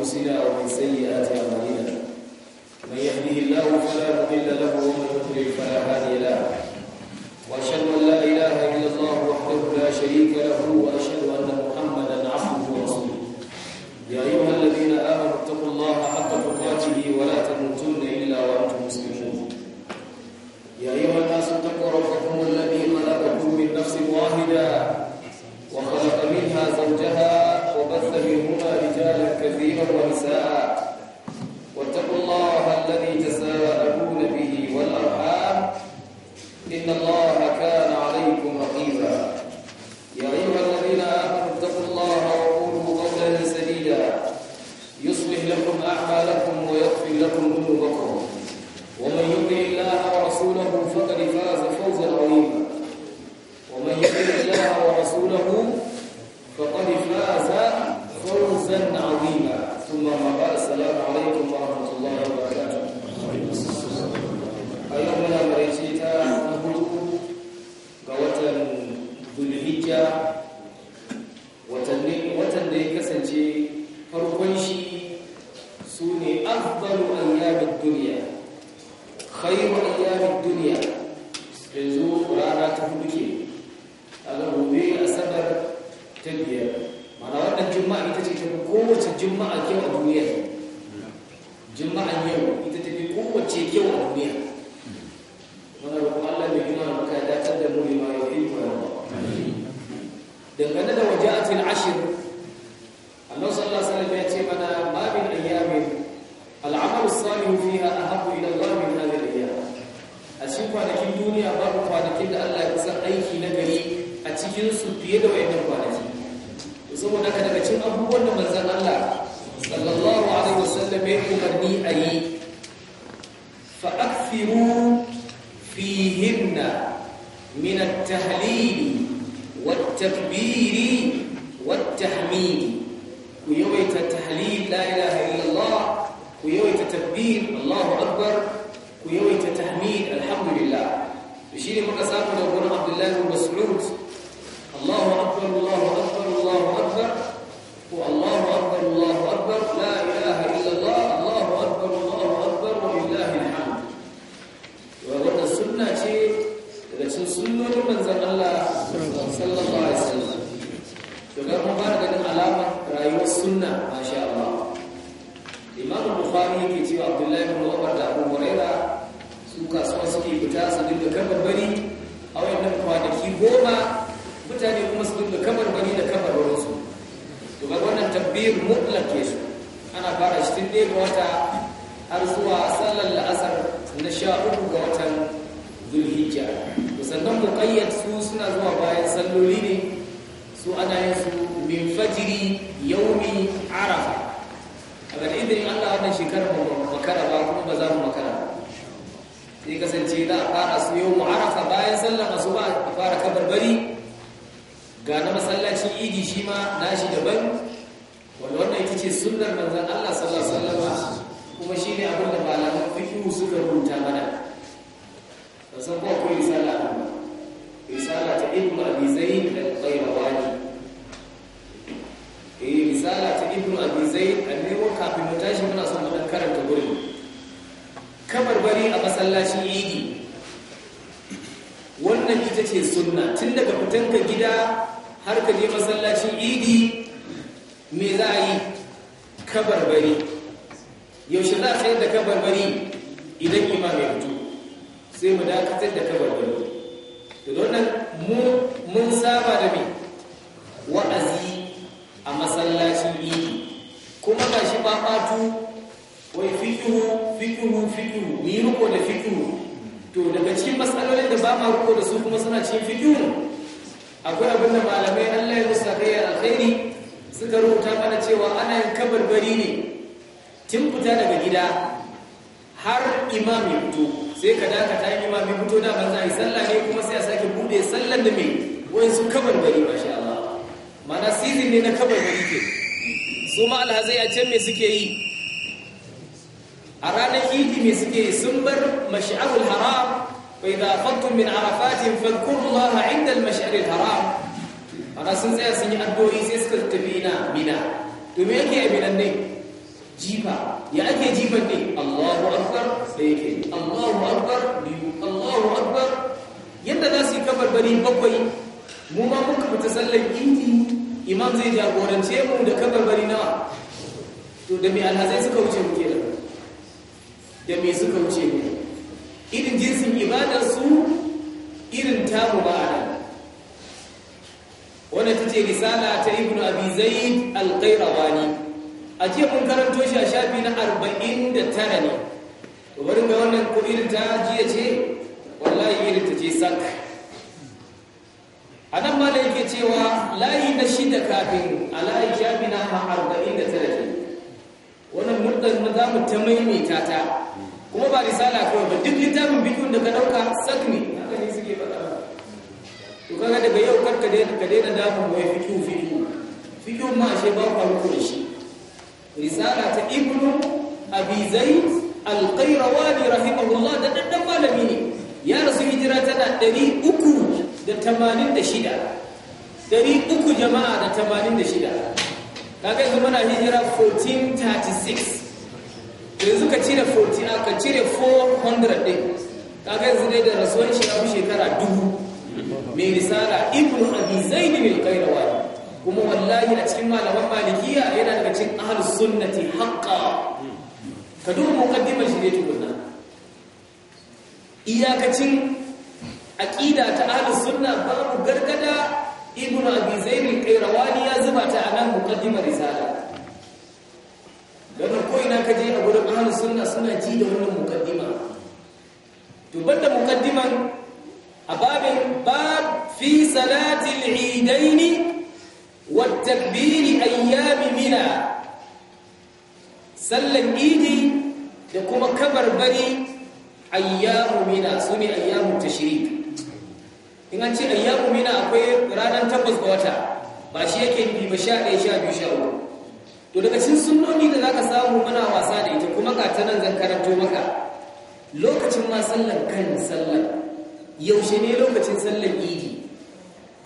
أنفسنا أو من سيئات أعمالنا من يهده الله فلا مضل له ومن يضلل فلا هادي له وأشهد أن لا إله إلا الله وحده لا شريك له mu ma muka fita sallar indi. imam zai jagorance mu da kabarbari nawa to da mai alhazai suka wuce muke da da mai suka wuce ne irin jinsin ibadar su irin tamu ba wanda ta ce risala ta ibnu abi zaid al ne. a jiya mun karanto shi a shafi na 49 ne to bari ga wannan ko irin ta jiya ce wallahi irin ta ce sak a nan ma da yake cewa layi na shida kafin a layi shafi na arba'in da talafi ke wannan murdan na za mu ta maimaita ta kuma ba risala kawai ba duk littafin bidiyun da ka ɗauka sak ne haka ne suke faɗa to kaga daga yau karka ka daina damun wai fikiyu fikiyu fikiyun ma shi ba ku ruku da shi risala ta ibnu abi zaid al-qayrawani rahimahullah da daddan malami ne ya rasu hijira tana uku. da tamanin da shida dari uku jama'a da tamanin da shida kaga yanzu muna hijira 1436 yanzu ka cire 40 ka cire 400 ɗin kaga yanzu dai da rasuwan shi abu shekara dubu mai risala ibnu abi zaid bin qayrawani kuma wallahi a cikin malaman malikiya yana daga cikin ahlus sunnati haqqa ka duba muqaddimar shi ne tukunna iyakacin aqida ta ahlus sunna babu gargada ibn abi zaid al-qayrawani ya zuba ta a nan muqaddimar risala dan ko ina kaje a gurin ahlus sunna suna ji da wannan muqaddima to banda muqaddiman a babin bab fi salati al-eidain wa takbir ayyam mina sallan idi da kuma kabar bari ayyamu mina sune ayyamu tashrik in an ce ayyamu mina akwai ranar tabbas ga wata ba shi yake nufi ba sha ɗaya sha biyu sha uku to daga cikin sunnoni da za ka samu mana wasa da ita kuma ka ta nan zan karanto maka lokacin ma sallar kan sallar yaushe ne lokacin sallar idi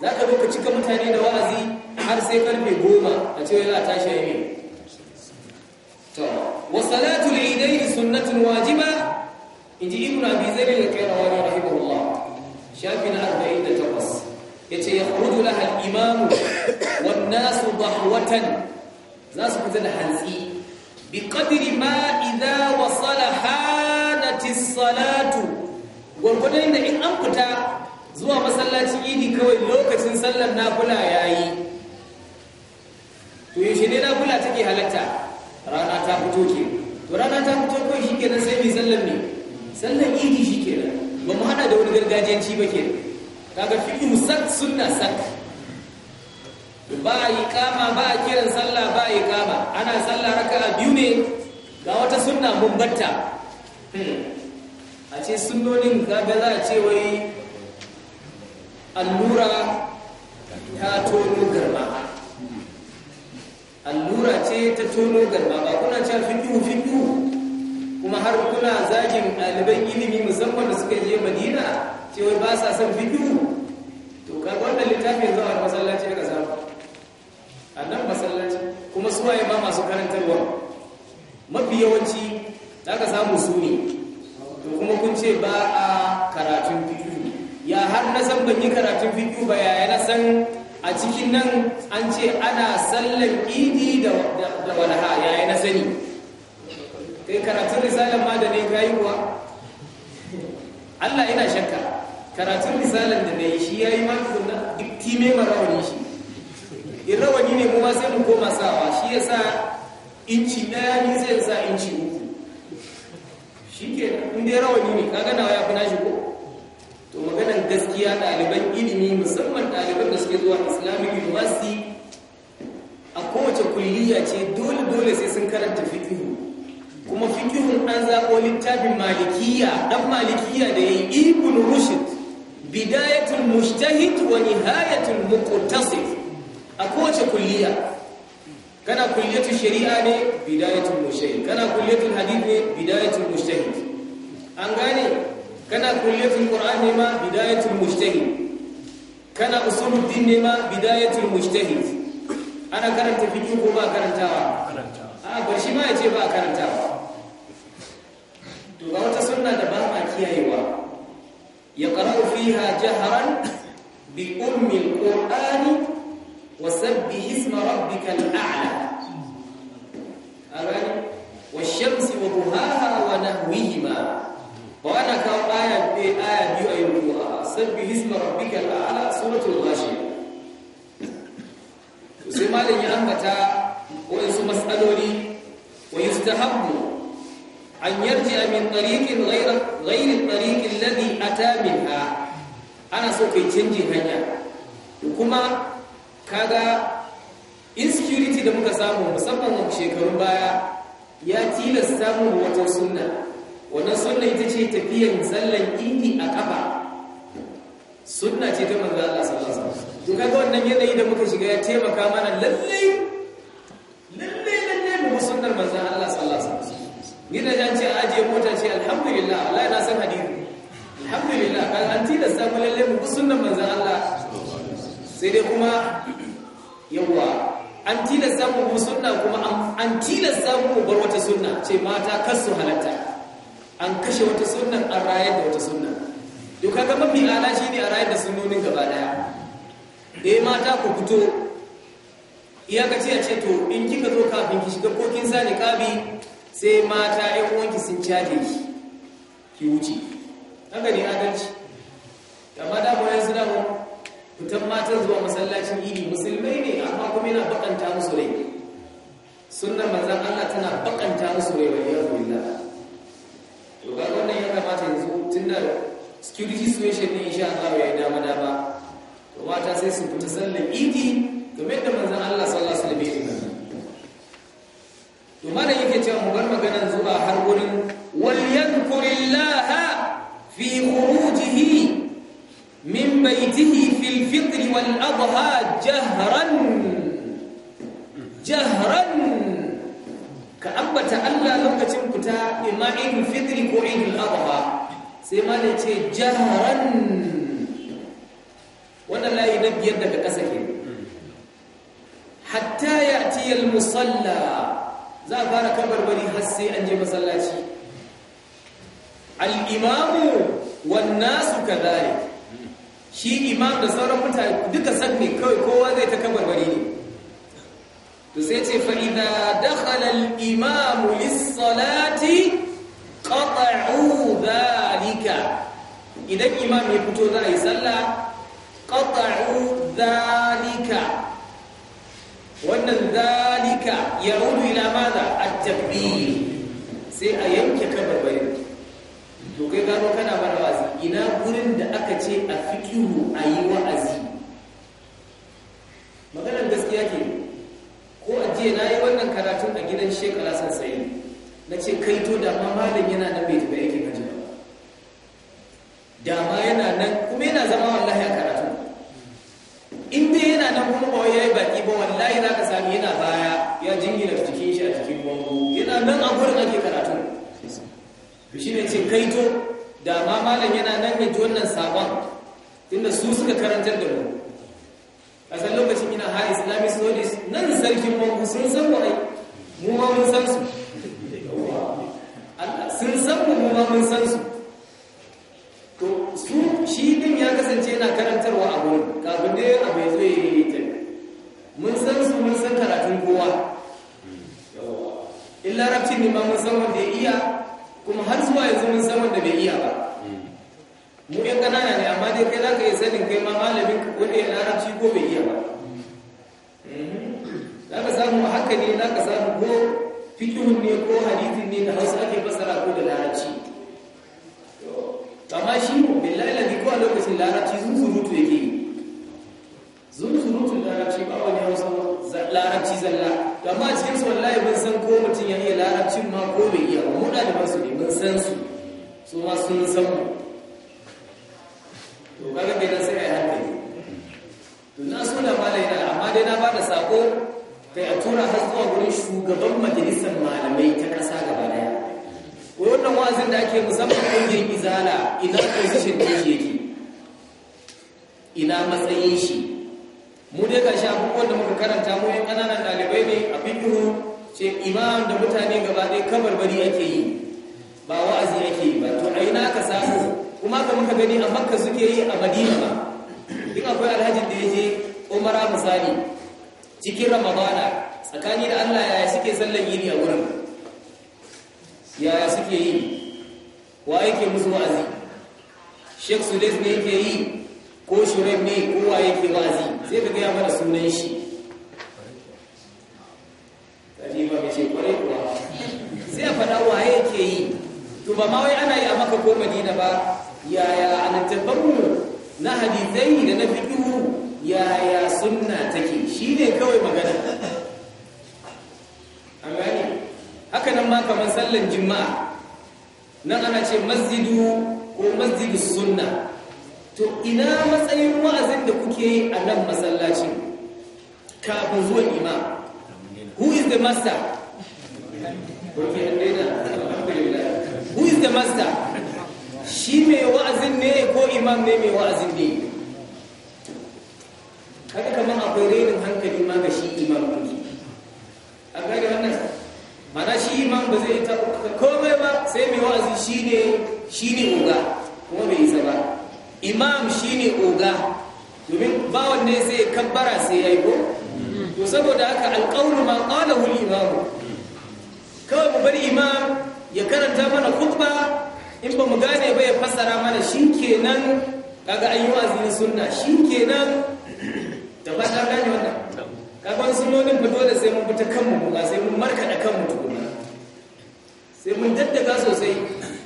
za ka zo ka cika mutane da wa'azi har sai karfe goma a ce za a tashi ya yi to wa salatu lidai sunnatun wajiba inji ibnu abi zaid al-qayrawani rahimahullah shafi na 48 yace yakhruju laha al-imam wan nas dahwatan za su fita da hantsi bi qadri ma idha wasala hanati as-salatu gurgudan da in an fita zuwa masallacin idi kawai lokacin sallar nafila ya kaga fi'lu musad sunna sak ba yi kama ba a kiran sallah ba yi kama ana sallah raka'a biyu ne ga wata sunna mun a ce sunnonin kaga za a ce wai allura ta tono garba allura ce ta tono garba ba kuna cewa fi'lu fi'lu kuma har kuna zagin ɗaliban ilimi musamman da suka je madina cewa ba sa son fidu kaga wannan littafin zuwa masallaci aka samu a nan masallaci kuma su waye ba masu karantarwa mafi yawanci aka samu su ne to kuma kun ce ba a karatun fiƙi ya har na san ban yi karatun fiƙi ba ya na san a cikin nan an ce ana sallar idi da walaha ya na sani kai karatun risalar ma da ne kayi kuwa Allah yana shakka karatun misalin da na yi shi ya yi makon na duk time rawani shi in rawani ne kuma sai mu koma sawa shi ya sa inci ɗaya ni zai sa inci uku shi ke in dai rawani ne kaganawa nawa ya fi nashi ko to maganan gaskiya ɗaliban ilimi musamman ɗaliban da suke zuwa islamic university a kowace kulliya ce dole dole sai sun karanta fikihu kuma fikihun an zaɓo littafin malikiya ɗan malikiya da ya yi ibn rushd bidayatul mujtahid wa nihayatul muqtasif a kowace kulliya kana kulliyatu shari'a ne bidayatul mujtahid kana kulliyatu hadith ne bidayatul mujtahid an gane kana kulliyatul qur'an ne ma bidayatul mujtahid kana usuluddin ne ma bidayatul mujtahid ana karanta fiqh ko ba karantawa karantawa a bar shi ma yace ba karantawa to ga wata sunna da ba ma kiyayewa يقرأ فيها جهرا بأم القرآن وسبح اسم ربك الأعلى أغاني والشمس وضحاها ونهوهما وأنا كاو آية بي آية بي أي القرآن سبح اسم ربك الأعلى سورة الغاشية سمالي أنبتا وإنسو مسألولي ويستحبوا an yarji min tariqin ghayra ghayri tariqi alladhi ata minha ana so kai canji hanya kuma kaga insecurity da muka samu musamman shekarun baya ya tilasta mu wata sunna wannan sunna ita ce tafiyan zallan indi a kafa sunna ce ta manzo Allah sallallahu alaihi wasallam to kaga wannan yanayi da muka shiga ya taimaka mana lalle lalle lalle mu sunnar manzo Allah sallallahu ni da jan ce ajiye mota ce alhamdulillah Allah yana san hadiri. alhamdulillah kan an tilasta mu lalle mu sunnan manzon Allah sai dai kuma yawa an tilasta mu sunna kuma an tilasta mu bar wata sunna ce mata kar su halatta an kashe wata sunna an raye da wata sunna Duk kaga mafi ala shine a raye da sunnonin gaba daya eh mata ku fito iyaka ce a ce to in kika zo kafin ki shiga kokin sani kabi sai mata ‘yan uwanki sun caje shi ki wuce haka ne adalci amma da bayan su da fitan matan zuwa masallacin idi musulmai ne amma kuma yana bakanta musu rai sunnar mazan Allah tana bakanta musu rai wani yau billah to ga wannan ya kamata yanzu tunda security situation ne insha Allah ya dama dama to mata sai su fita sallar idi kamar yadda mazan Allah sallallahu alaihi wasallam ya to malam yake cewa mu bar maganan zuwa har wurin wal yadhkurillaha fi khurujihi min baytihi fil fitr wal adha jahran jahran ka ambata Allah lokacin fita imma idul fitr ko idul adha sai malam ce jahran wannan layi na biyar daga ƙasa hatta ya'ti al musalla za a fara barbari har sai an je masallaci alimamu imamu wan nasu kadhalik shi imam da sauran mutane duka sakni kawai kowa zai ta kabarbari ne to sai ce fa'ida idza dakhala al-imam lis-salati qata'u idan imam ya fito za a yi sallah qata'u dhalika wannan zalika ya rudu ila maza a tabbi sai a yanke kan barbarin to kai gano kana mana wa'azi ina gurin da aka ce a fikiru a yi wa'azi maganar gaskiya ke ko a je na yi wannan karatun a gidan shekara san nace na ce kai to da ma malam yana da bai tafi yake kaito da ma malam yana nan ya wannan sabon inda su suka karantar da mu a san lokacin ina ha islamic studies nan sarkin mangu sun san ba sunna take shi ne kawai magana an gani haka nan ma kamar sallan juma'a, nan ana ce masjidu ko masjidu sunna to ina matsayin wa'azin da kuke a nan masallaci kafin zuwan imam who is the master who is the master shi mai wa'azin ne ko imam ne mai wa'azin ne kada kaman akwai renin hankali ma ga shi imam ɗin a gane wannan mana shi imam ba zai ta komai ba sai mai wa'azi shi ne shi ne oga kuma bai isa ba imam shi ne oga domin ba wanne zai kabbara sai ya yi ko to saboda haka alƙawul ma ƙalahu imam kawai mu bari imam ya karanta mana khutba in ba mu gane ba ya fassara mana shikenan kaga ayyuwa zin sunna shikenan da ba ta gane wannan kaga sunonin fa dole sai mun fita kanmu ba sai mun markaɗa kanmu tukuna sai mun daddaka sosai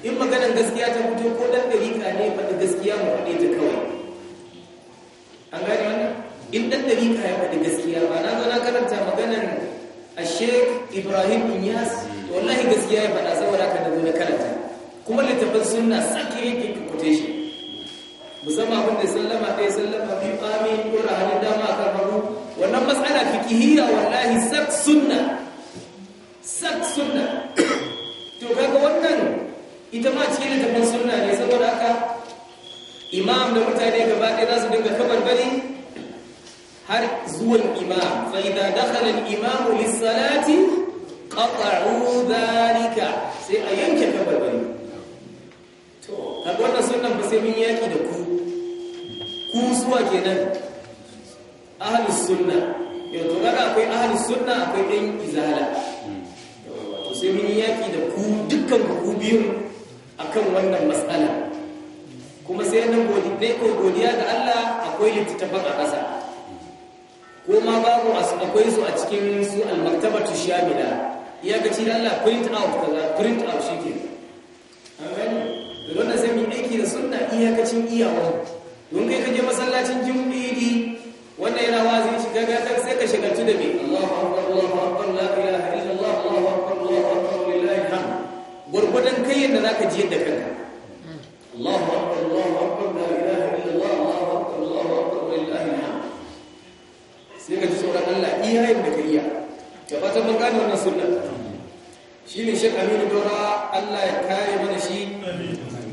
in maganar gaskiya ta fito ko ɗan ɗari ka ne faɗi gaskiya mu faɗe ta kawai an gane wannan in ɗan ɗari ka ya faɗi gaskiya ba na zo na karanta maganar a sheik ibrahim inyas wallahi gaskiya ya faɗa saboda ka da zo na karanta kuma littafin sunna sake yake kukuta shi musamman abin da sallama ɗaya sallama biyu amin ɗora hannun dama a kan hagu wannan matsala fikihiyya wallahi sak sunna sak sunna to kaga wannan ita ma cikin littafin sunna ne saboda haka imam da mutane gaba ɗaya za su dinga kamar bari har zuwan imam fa idza dakhala al-imam lis-salati qata'u dhalika sai a yanke kabar bari to kaga wannan sunnan ba sai mun yaki da ku ku zuwa kenan ahlus sunna yanzu daga akwai ahlus sunna akwai ɗan izala to sai mun yaki da ku dukkan ku biyun akan wannan matsala kuma sai nan ne ko godiya ga Allah akwai littattafan a ƙasa ko ma babu akwai su a cikin su al-maktabatu shamila iyakaci da Allah print out kaza print out ke amen don da sai mun aiki da sunna iyakacin iyawa don kai ka masallacin jimbiɗi wanda yana wazi shiga gatar sai ka shagaltu da me Allahu akbar Allahu akbar la ilaha illallah Allahu akbar Allahu kai yadda ji yadda Allahu sai ka ji Allah ka iya Aminu Dora Allah ya kare mana shi amin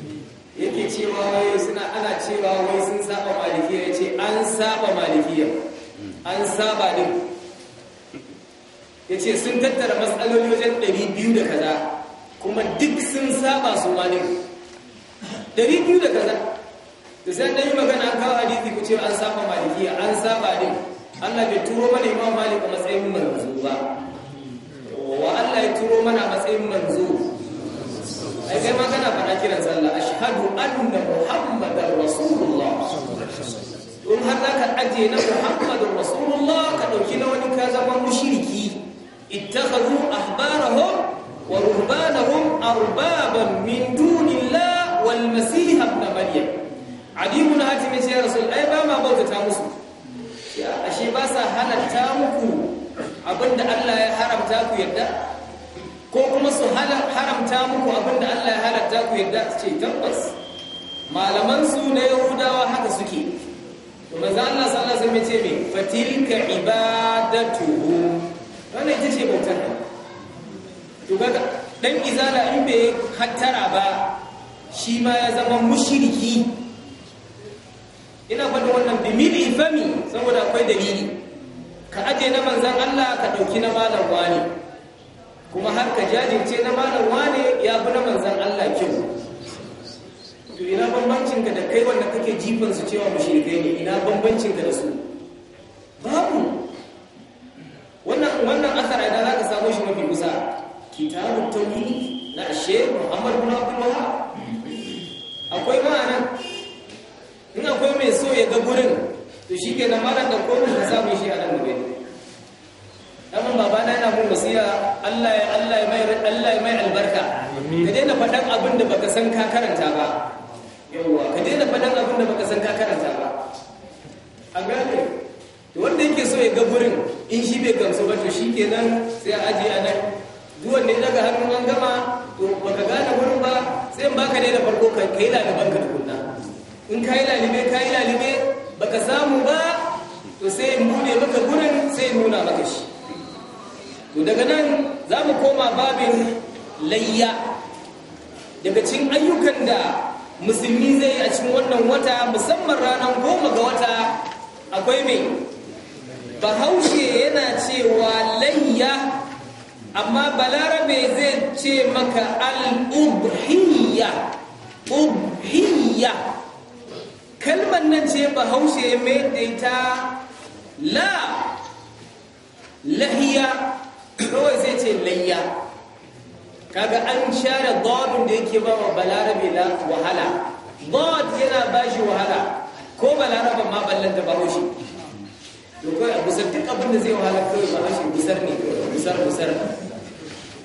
yake cewa wai suna ana cewa wai sun saba malikiya ya ce an saba malikiya an saba din ya ce sun tattara matsaloli wajen ɗari biyu da kaza kuma duk sun saba su ma ɗari biyu da kaza da sai ɗan yi magana an kawo hadisi ku ce an saba malikiya an saba din Allah bai turo mana imam malik a matsayin manzo ba wa Allah ya turo mana matsayin manzo ai kai ma kana fara kiran a ashhadu anna muhammadar rasulullah in har zaka ajiye na muhammadar rasulullah ka dauki na wani ka zama mushriki ittakhadhu ahbarahum wa a arbaban min dunillah wal masih ibn maryam adi na hatim ya rasul ai ba ma bautata musu ashe ba sa halatta muku abinda Allah ya haramta ku yadda ko kuma su haramta muku abin da Allah ya halatta ku yadda su ce tabbas malaman su na yahudawa haka suke to manzo Allah sallallahu Allah wasallam ya ce me fatilka ibadatu wannan ita ce bautar to kaga dan izala in bai hattara ba shi ma ya zama mushriki ina faɗin wannan bimili fami saboda akwai dalili ka aje na manzan Allah ka ɗauki na malam wani kuma har ka jajirce na malam wane ya fi na manzan Allah kyau to ina bambancinka da kai wanda kake jifan su cewa mushrikai ne ina bambancinka da su babu wannan wannan asar idan ka samu shi mafi kusa kitabut yi na ashe? Muhammad bin Abdul Wahhab akwai ma'anan in akwai mai so ya ga gurin to na malar da komai da samun shi a nan gobe baba babana yana mun wasiya Allah ya Allah ya mai Allah ya mai albarka ka daina faɗan abin da baka san ka karanta ba yawa ka daina faɗan abin da baka san ka karanta ba a gane wanda yake so ya ga gurin in shi bai gamsu ba to shikenan sai a ajiye a nan duk wanda ya daga hannun an gama to baka gane gurin ba sai in baka daina farko ka kai laliban ka tukunna in ka yi lalibe ka yi lalibe baka samu ba to sai in bude maka gurin sai in nuna maka shi to daga nan za mu koma babin layya daga cikin ayyukan da musulmi zai yi a cikin wannan wata musamman ranar goma ga wata akwai mai bahaushe yana cewa layya amma balarabe zai ce maka al'ubhiyya ubhiyya kalmar nan ce bahaushe mai daita la lahiya kawai zai ce layya kaga an share dadun da yake ba wa balarabe la wahala dad yana ba shi wahala ko balaraban ma ballanta ba shi to kawai busar duk abin da zai wahala kawai ba shi busar ne busar busar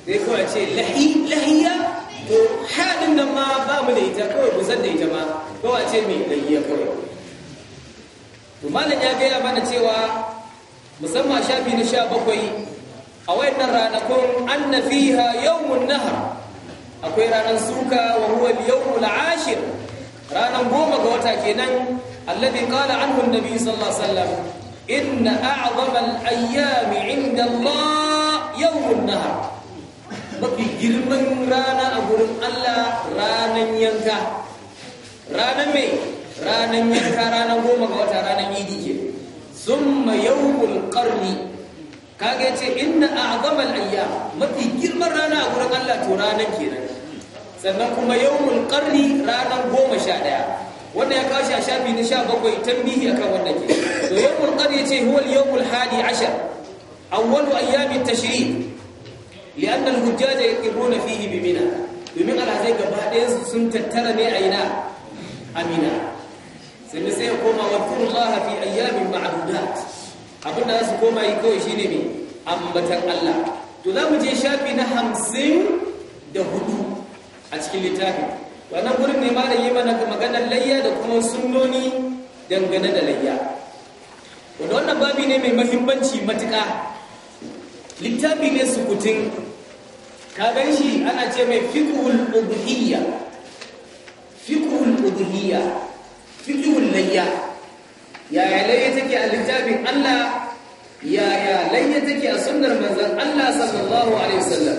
sai kawai ce lahi lahiya to halin nan ma ba mu da ita kawai busar da ita ma kawai ce mai lahiya kawai to malam ya gaya mana cewa musamman shafi na sha bakwai a wayannan ranakun anna fiha yawmun nahar akwai ranar suka wa huwa yawmul ashir ranar goma ga wata kenan alladhi qala anhu an-nabi sallallahu alaihi wasallam inna a'zama al-ayyami 'inda Allah yawmun nahar mafi girman rana a gurin Allah ranan yanka ranan mai ranan yanka ranan goma ga wata ranan idi ke summa yawmul qarni kaga yace inna a'zamal ayyam mafi girman rana a gurin Allah to ranan kenan sannan kuma yawmul qarni ranan 11 Wannan ya kawo shi a shafi na 17 tambihi akan wannan ke to yawmul qarni yace huwa al-yawmul hadi ashar awwalu ayyami at-tashrik lian al-hujjaj yaqibuna fihi bi mina domin alhazai gaba ɗayan sun tattara ne a ina amina sannan sai ya koma wa kullaha fi ayyamin ma'dudat abin da za su koma yi kawai shine mai ambatan Allah to za mu je shafi na hamsin da hudu a cikin littafi? wannan gurin ne mara yi mana maganar layya da kuma sunoni dangane da layya wanda wannan babi ne mai mahimmanci matuka. littafi ne sukutin ka gan shi ana ce mai fikul ubuhiyya fikul ubuhiyya fiqhul layya yaya layya take a littafin Allah yaya layya take a sunnar manzon Allah sallallahu alaihi wasallam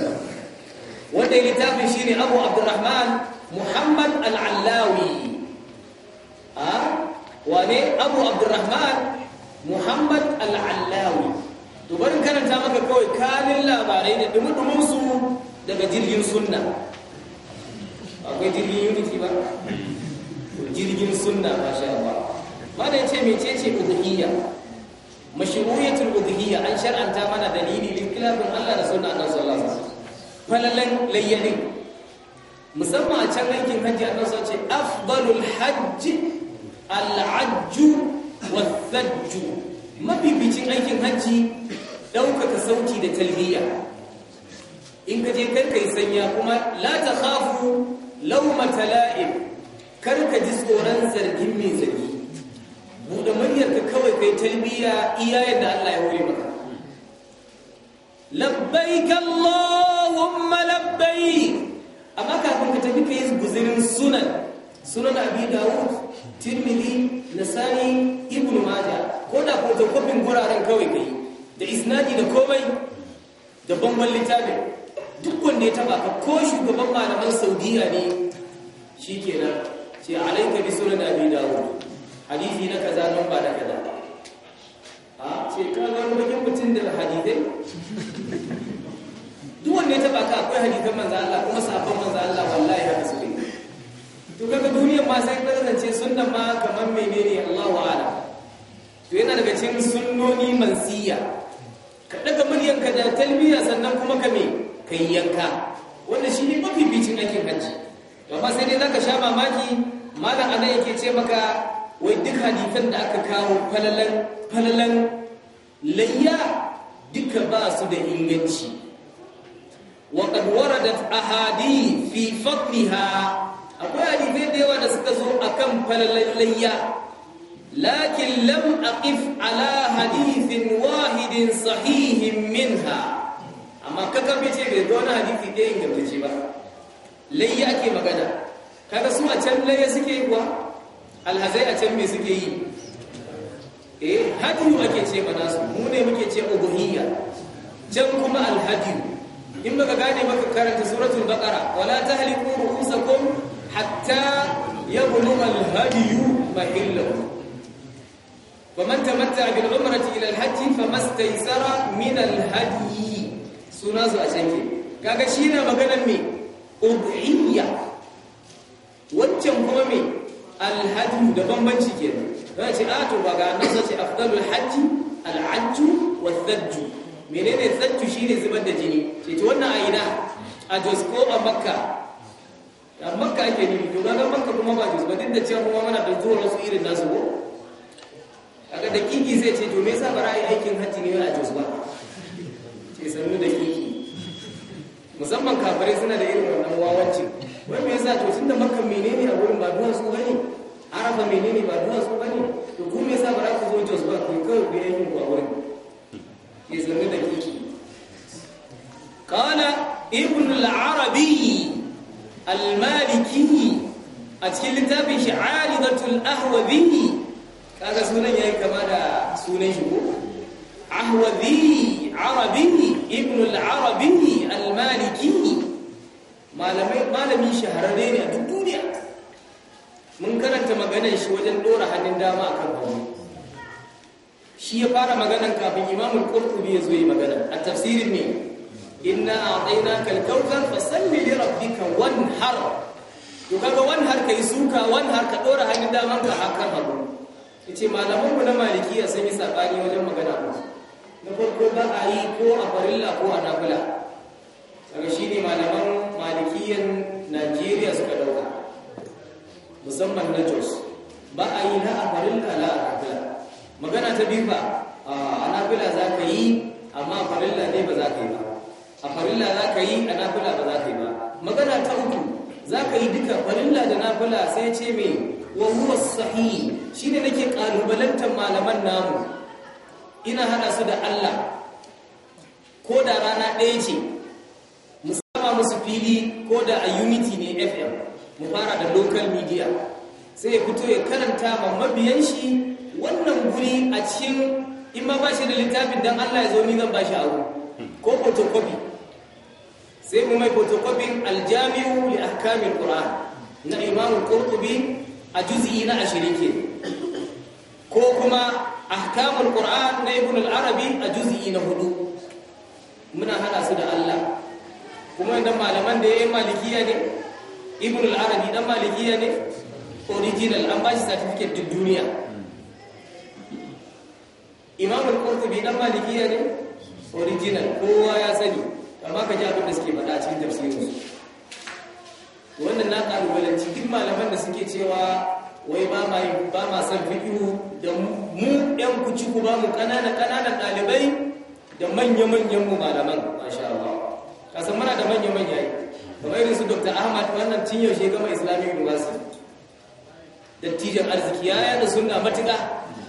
wanda littafin shine Abu Abdurrahman Muhammad Al-Allawi a ah, wane Abu Abdurrahman Muhammad Al-Allawi to bari karanta maka kawai kalin labarai da dumudumin su daga jirgin sunna akwai jirgin unity ba jirgin sunna masha Allah mana ya ce mecece udhiyya mashru'iyatul udhiyya an shar'anta mana dalili linkilabin Allah da sunna annabi sallallahu alaihi wasallam falalan layyanin musamman a can aikin hajji annabi sallallahu alaihi ce afdalul hajji al-ajju wal-thajju mabibicin aikin hajji daukaka sauti da talbiya in ka je yi sanya kuma la ta khafu laumata la'ib karka ji tsoron zargin mai zargi buɗe ka kawai kai talbiya iya yadda Allah ya hore maka labbaik Allahumma labbaik amma kafin ka tafi kai guzirin sunan sunan Abi Dawud Tirmidhi Nasa'i Ibn Majah ko da ko guraren kawai kai da isnadi da komai da bangon littafin duk wanda ya taba ka ko shugaban malaman Saudiya ne shikenan ce alaika bi sunan Abi Dawud hadisi na kaza nan ba da kaza a ce ka ga mulkin mutum da hadisai duk wanda ya taba ka akwai hadisan manzo Allah kuma sabon manzo Allah wallahi haka su ne to kaga duniyar ma sai ka zance sunna ma kamar menene Allahu a'lam to yana daga cikin sunnoni mansiya ka daga ka da talbiya sannan kuma ka me kai yanka wanda shi ne mafi bicin aikin hajji amma sai dai zaka sha mamaki malam anan yake ce maka wai duk hadisan da aka kawo falalan falalan layya duka ba su da inganci وقد waradat احاديث في فضلها akwai hadisai da yawa da suka zo akan layya lakin lam aqif ala hadithin wahidin sahihin minha amma kaka bace bai ga wani hadithi da yin ba layya ake magana kaga su a can layya suke yi kuwa alhazai a can mai suke yi eh hadiyu ake ce mana su mu ne muke ce ubuhiyya can kuma alhadiyu in baka gane baka karanta suratul baqara wala tahliku ru'usakum hatta yablu alhadiyu mahillahu faman tamatta bil umrati ila alhajji famastaysara min alhadiyi suna a can ke kaga shine maganar me ubuhiyya Wancan kuma me alhaji da bambanci ke don ce a ah, to ba ga nan sai afdalul hajji wa wathajju menene thajju shine zubar da jini ce to wannan a ina a Jos ko a Makka a Makka ake nufi to ga Makka kuma ba Jos ba duk da cewa kuma muna da zuwa irin nasu ko kaga da kiki zai ce to me yasa ba ra'ayi aikin hajji ne a Jos ba ce sannu da kiki musamman kafirai suna da irin wannan wawancin wai me yasa to tunda makka menene a wurin ba duwatsu bane arafa menene ba duwatsu bane to ku me yasa ba za ku zo jos ba ku kawai ku yankin ku a wurin ya zanga da kiki kana ibn al-arabi al-maliki a cikin littafin shi alidatul ahwabi kaga sunan yayi kama da sunan shi ko ahwabi arabi ibn al-arabi al-maliki malamai malami shahararre ne a duk duniya mun karanta maganar shi wajen dora hannun dama a kan hagu shi ya fara maganar kafin imamul qurtubi ya zo yi magana a tafsirin ne inna a'tainaka al-kawthar fasalli li rabbika har? to kaga ka yi suka har ka dora hannun dama ka hannu hagu ce malamun mu na maliki sun yi sabani wajen magana na farko ba a yi ko a farilla ko a nafila daga shi ne malaman malikiyar najeriya suka dauka musamman na jos ba a yi na afarin kala a kafila magana ta biyu ba a nafila za ka yi amma a farilla ne ba za ka yi ba a farilla za ka yi a ba za ka yi ba magana ta uku za ka yi duka farilla da nafila sai ce mai wahuwa sahi shi ne nake kalubalantar malaman namu ina hana su da allah ko da rana ɗaya ce musu fili ko da a unity ne fm mu fara da local media sai ya fito ya karanta ma mabiyan shi wannan guri a cikin in ma ba shi da littafin dan allah ya zo ni zan ba shi abu ko photocopy sai mu mai photocopy aljami'u li ahkamil qur'an na imamu qurtubi a juz'i na ashirin ke ko kuma ahkamul qur'an na ibn al-arabi a juz'i na hudu muna hana su da allah kuma yadda malaman da ya yi malikiya ne ibn al dan malikiya ne original an ba shi certificate duk duniya imam al-qurtubi dan malikiya ne original kowa ya sani amma ka ji abin da suke faɗa a cikin tafsirin su wannan na kalubalanci duk malaman da suke cewa wai ba ma ba ma san fiqhu da mu ɗan kuci ku ba mu ƙananan ƙananan ɗalibai da manya-manyan mu malaman masha Allah kasan mana da manya-manya yi kamar irin su dr ahmad wannan tun yaushe gama islamic university dattijan arziki ya yada suna matuka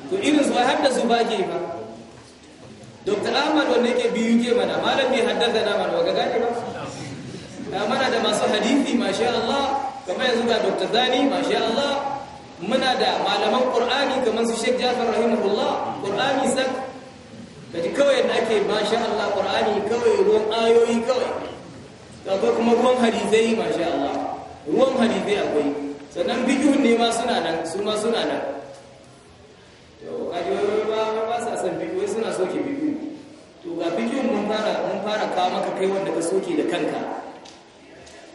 to irin su har da su ke ba dr ahmad wanda yake biyu ke mana malam bai haddar na mana waga gane ba na mana da masu hadithi masha Allah kamar yanzu ga dr zani masha Allah muna da malaman ƙur'ani kamar su shek jafar rahimahullah ƙur'ani sak ka ji kawai yadda ake masha Allah ƙur'ani kawai ruwan ayoyi kawai akwai kuma ruwan hadizai masha Allah ruwan hadizai akwai sannan bigihun ne ma suna nan su ma suna nan to ajiyoyi ba ba sa san bigiyoyi suna soke bigiyoyi to ga bigihun mun fara mun fara kawo maka kai wanda ka soke da kanka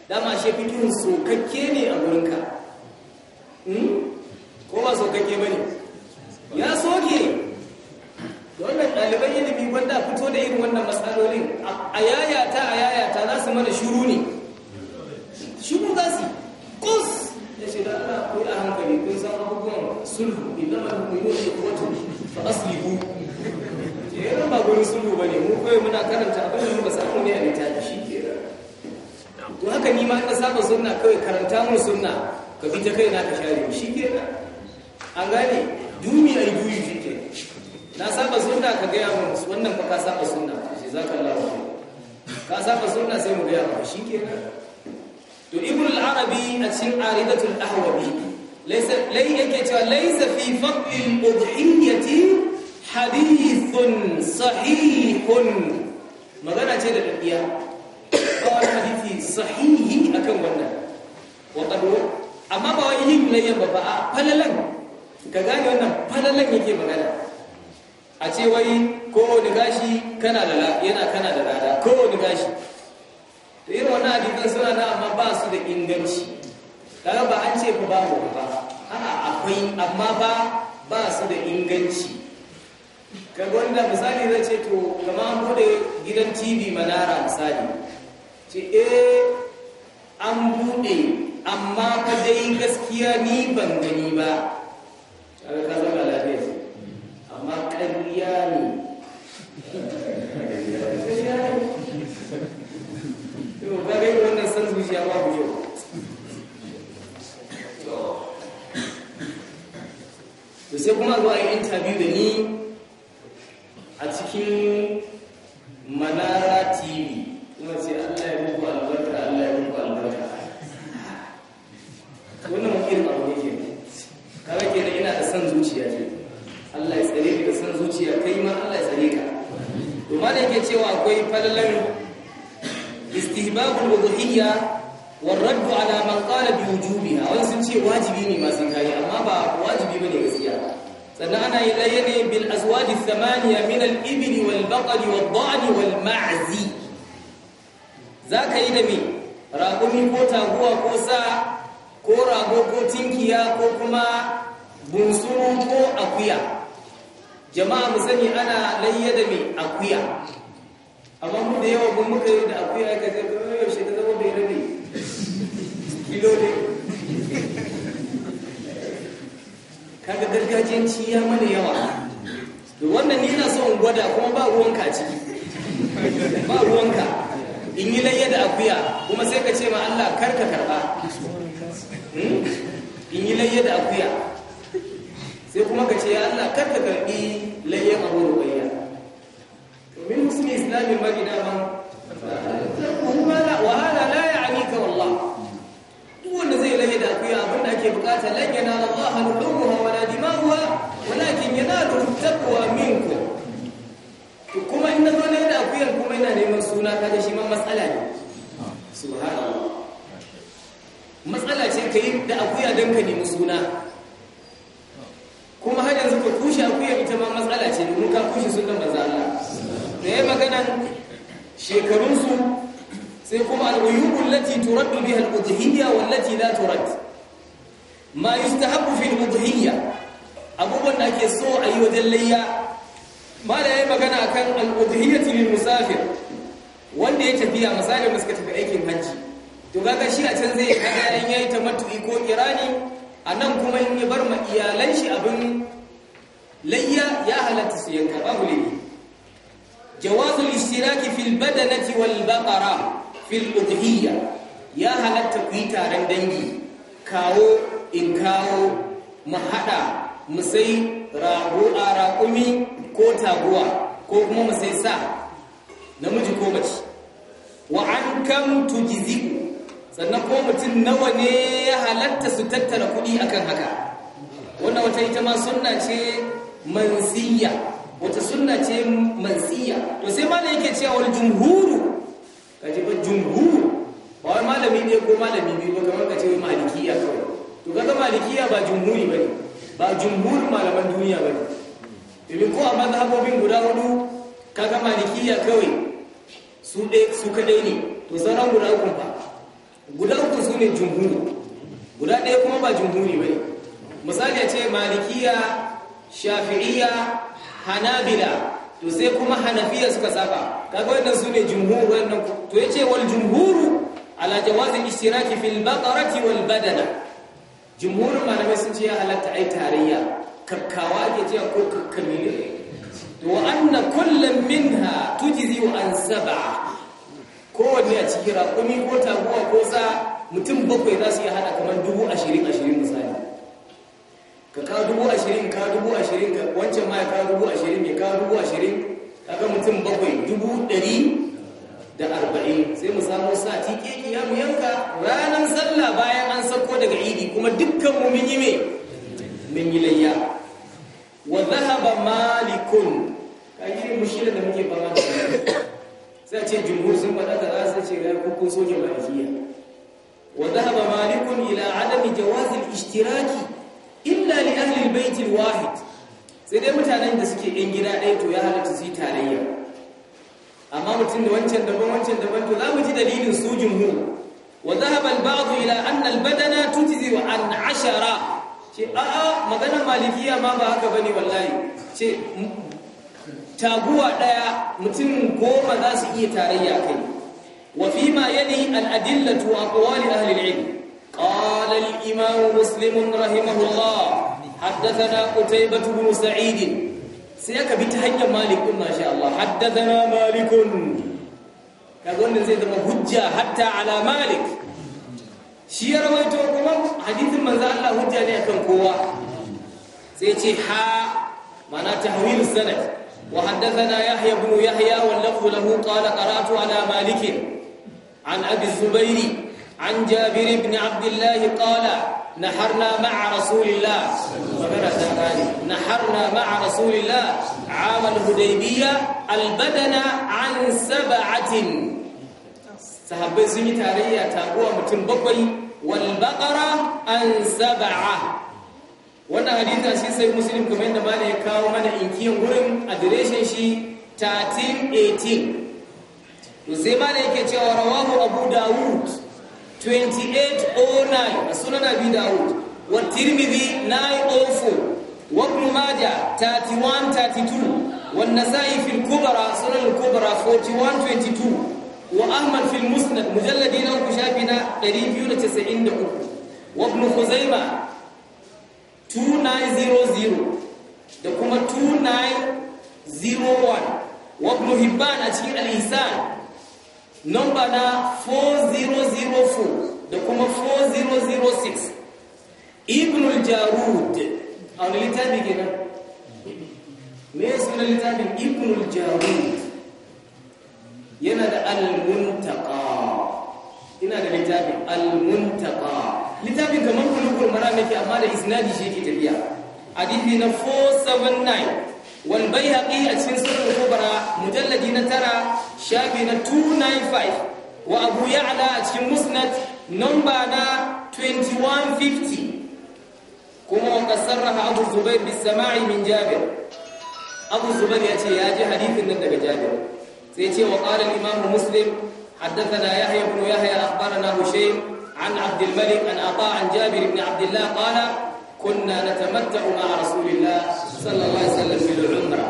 dama shi bigihun sokakke ne a gurinka hmm? ko ba sokakke ba ne ya soke da wannan ɗaliban ilimi wanda a fito da irin wannan matsalolin a yayata a yayata za su mana shuru ne shuru za su kus ya ce da ana koyi a hankali kun san abubuwan sulhu idan ma kuma yi ne tun fa aslihu yana eh, ba gurin sulhu ba ne mu koyi muna karanta abin da muka samu ne a littafi shi ke to haka ni ma ka saba sunna kawai karanta mun sunna ka bi ta kai na ka share shi ke an gane dumi ai duyi shi na saba sunna ka gaya mun wannan fa ka saba sunna shi zaka Allah ka saba sunna sai mu gaya maka shikenan to ibn al-arabi a cikin aridatul ahwabi laysa lay yake cewa laysa fi fadl al-udhiyati hadithun sahihun magana ce da dabiya ba wani hadithi sahihi akan wannan wa qad amma ba wani yin layyan ba ba falalan ka gane wannan falalan yake magana a ce wai kowane gashi kana da yana kana da ko kowane gashi da irin wannan hadisan suna na amma ba su da inganci daga ba an ce ku ba mu ba a'a akwai amma ba ba su da inganci kaga wanda misali zai ce to kama an bude gidan TV manara misali ce eh an bude amma fa dai gaskiya ni ban gani ba ka zama adabiya ne to yau sai kuma zuwa yi interview da ni a cikin manara akwai falalar istihbabul wuduhiyya war radd ala man qala bi wujubiha wai sun ce wajibi ne ma sun amma ba wajibi bane gaskiya sannan ana yi layyane bil azwaji samaniya min al ibli wal baqali wal dhani wal yi da me raƙumi ko taguwa ko sa ko rago ko tinkiya ko kuma bunsuru ko akuya jama'a mu sani ana layyada mai akuya amma mu da yawa mun muka yi da akuya aka ce kuma yaushe da zama bai rabe kilo ne kaga gargajiyanci ya mana yawa to wannan ni na so in gwada kuma ba ruwanka a ciki ba ruwanka in yi layya da akuya kuma sai ka ce ma Allah kar ka karba hmm? in yi layya da akuya sai kuma ka ce ya Allah kar ka karbi layyan abu ruwayya من حسن إسلام المرء دائما وهذا لا يعنيك والله دون زي له دا أكويا أبنى كي بقاتا لن ينال الله لحومها ولا دماؤها ولكن ينال التقوى منكم كما إن ذو لهي دا كما إن نيمان سونا كذا شيء ما مسألة سبحان الله مسألة شيء كي دا أكويا دنك نيمان سونا kuma har yanzu ka kushe akuya ita ma matsala ce domin ka kushe sunan manzo Allah da ya maganan shekarunsu sai kuma al'uyubun lati turaddu biha al'udhiyya wallati la turad ma yustahabbu fi al'udhiyya abubuwan da ake so a yi wajen layya ma da ya magana akan al'udhiyyati lil musafir wanda ya tafiya misalin da suka tafi aikin hajji to kaga shi a can zai ya yi ta tamattu'i ko kirani anan kuma in ya bar ma iyalan shi abin layya ya halatta su yanka babu laifi جواز الاشتراك في البدنة والبقرة في الأضحية يا هل تقيتا رندنجي كاو إن كاو محدا مسي راغو أراقمي ko taguwa ko kuma mu sai sa namiji ko mace wa an kam tujzi sannan ko mutum nawa ne ya halatta su tattara kuɗi akan haka wannan wata ita ma sunna ce mansiya wata suna ce matsiya. to sai da yake cewa wani jumhuru Ka ce ba jumhuru? ba wani malami ne ko malami biyu ba kamar ce wani malikiya kawai to kaga malikiya ba jumhuri ba ne? ba jumhur malaman duniya ba ne. domin ko a mazhabobin guda hudu kaga malikiya kawai su dai su kadai ne to sauran guda uku ba guda uku su ne jumhuri guda ɗaya kuma ba jumhuri ba ne. misali ce malikiya shafi'iyya hanabila to sai kuma hanafiya suka saba kaga wannan sune jumhur wannan to yace wal jumhuru ala jawazi ishtiraki fil baqarati wal badana jumhurin malamai sun ce ya halatta ai tarayya kakkawa ke ce ko kakkami ne to anna kullam minha tujzi an sab'a kowanne a cikin raƙumi ko taguwa ko sa mutum bakwai za su iya hada kamar dubu ashirin ashirin misali ka ka dubu ashirin ka dubu ashirin ka wancan ma ka dubu ashirin mai ka dubu ashirin kaga mutum bakwai dubu ɗari da arba'in sai mu samu sati keke ya mu yanka ranar sallah bayan an sako daga idi kuma dukkan mu mun yi me mun yi layya wa zahaba malikun Ka mu mushila da muke fama da sai ce jumhur sun faɗa da za su ce ga hukun soke malikiya wa zahaba malikun ila adami jawazil ishtiraki illa li ahli albayt alwahid sai dai mutanen da suke yan gida ɗaya to ya halatta su yi tarayya amma mutum da wancan daban wancan daban to za mu ji dalilin su jinmu wa dhahaba alba'd ila anna albadana tujzi an 'ashara ce a'a magana malikiya ma ba haka bane wallahi ce taguwa ɗaya mutum goma za su iya tarayya kai wa fi ma yali al-adillatu aqwali ahli al-ilm قال الإمام مسلم رحمه الله حدثنا قتيبة بن سعيد سيكا بتهجى مالك ما شاء الله حدثنا مالك كقولنا زي ما هجة حتى على مالك شيء رويته كمان حديث من ذا الله هجة لي أكن قوة سيتي حا معناه تحويل السند وحدثنا يحيى بن يحيى واللفظ له قال قرأت على مالك عن أبي الزبيري عن جابر بن عبد الله قال نحرنا مع رسول الله نحرنا مع رسول الله عام الهديبية البدن عن سبعة sahabbai sun yi tarayya taguwa mutum bakwai wal baqara an sab'a wannan haditha shi sai muslim kamar yadda malai ya kawo mana inkiyan gurin adireshin shi 1318 to sai malai yake cewa rawahu abu dawud 2809 a sunan abi dawud wa tirmidhi 904 wa ibn majah 3132 wa nasai fil kubra sunan al-kubra 4122 wa ahmad fil musnad mujalladina wa shafina 293 wa ibn khuzaimah 2900 da kuma 2901 wa ibn hibban a cikin al-ihsan namba na 4004 da kuma 4006 ibn al-jarud a wani littafi kenan me suna littafin ibn al-jarud yana da al-muntaka ina da littafin al-muntaka littafin kamar kulukul mara mafi amma da isnadi shi ke tafiya hadithi na 479 wal bayhaqi a cikin sirrin kubra mujalladi na tara shafi na 295 wa abu ya'la a cikin musnad namba na 2150 kuma wa kasarraha abu zubair bis sama'i jabir abu zubair ya ce ya ji hadithin nan daga jabir sai ce wa qala al-imam muslim حدثنا يحيى بن يحيى اخبرنا barana عن عبد الملك عن عطاء عن جابر بن عبد الله قال kunna natamatta'u ma'a rasulillah sallallahu alaihi wasallam bil umra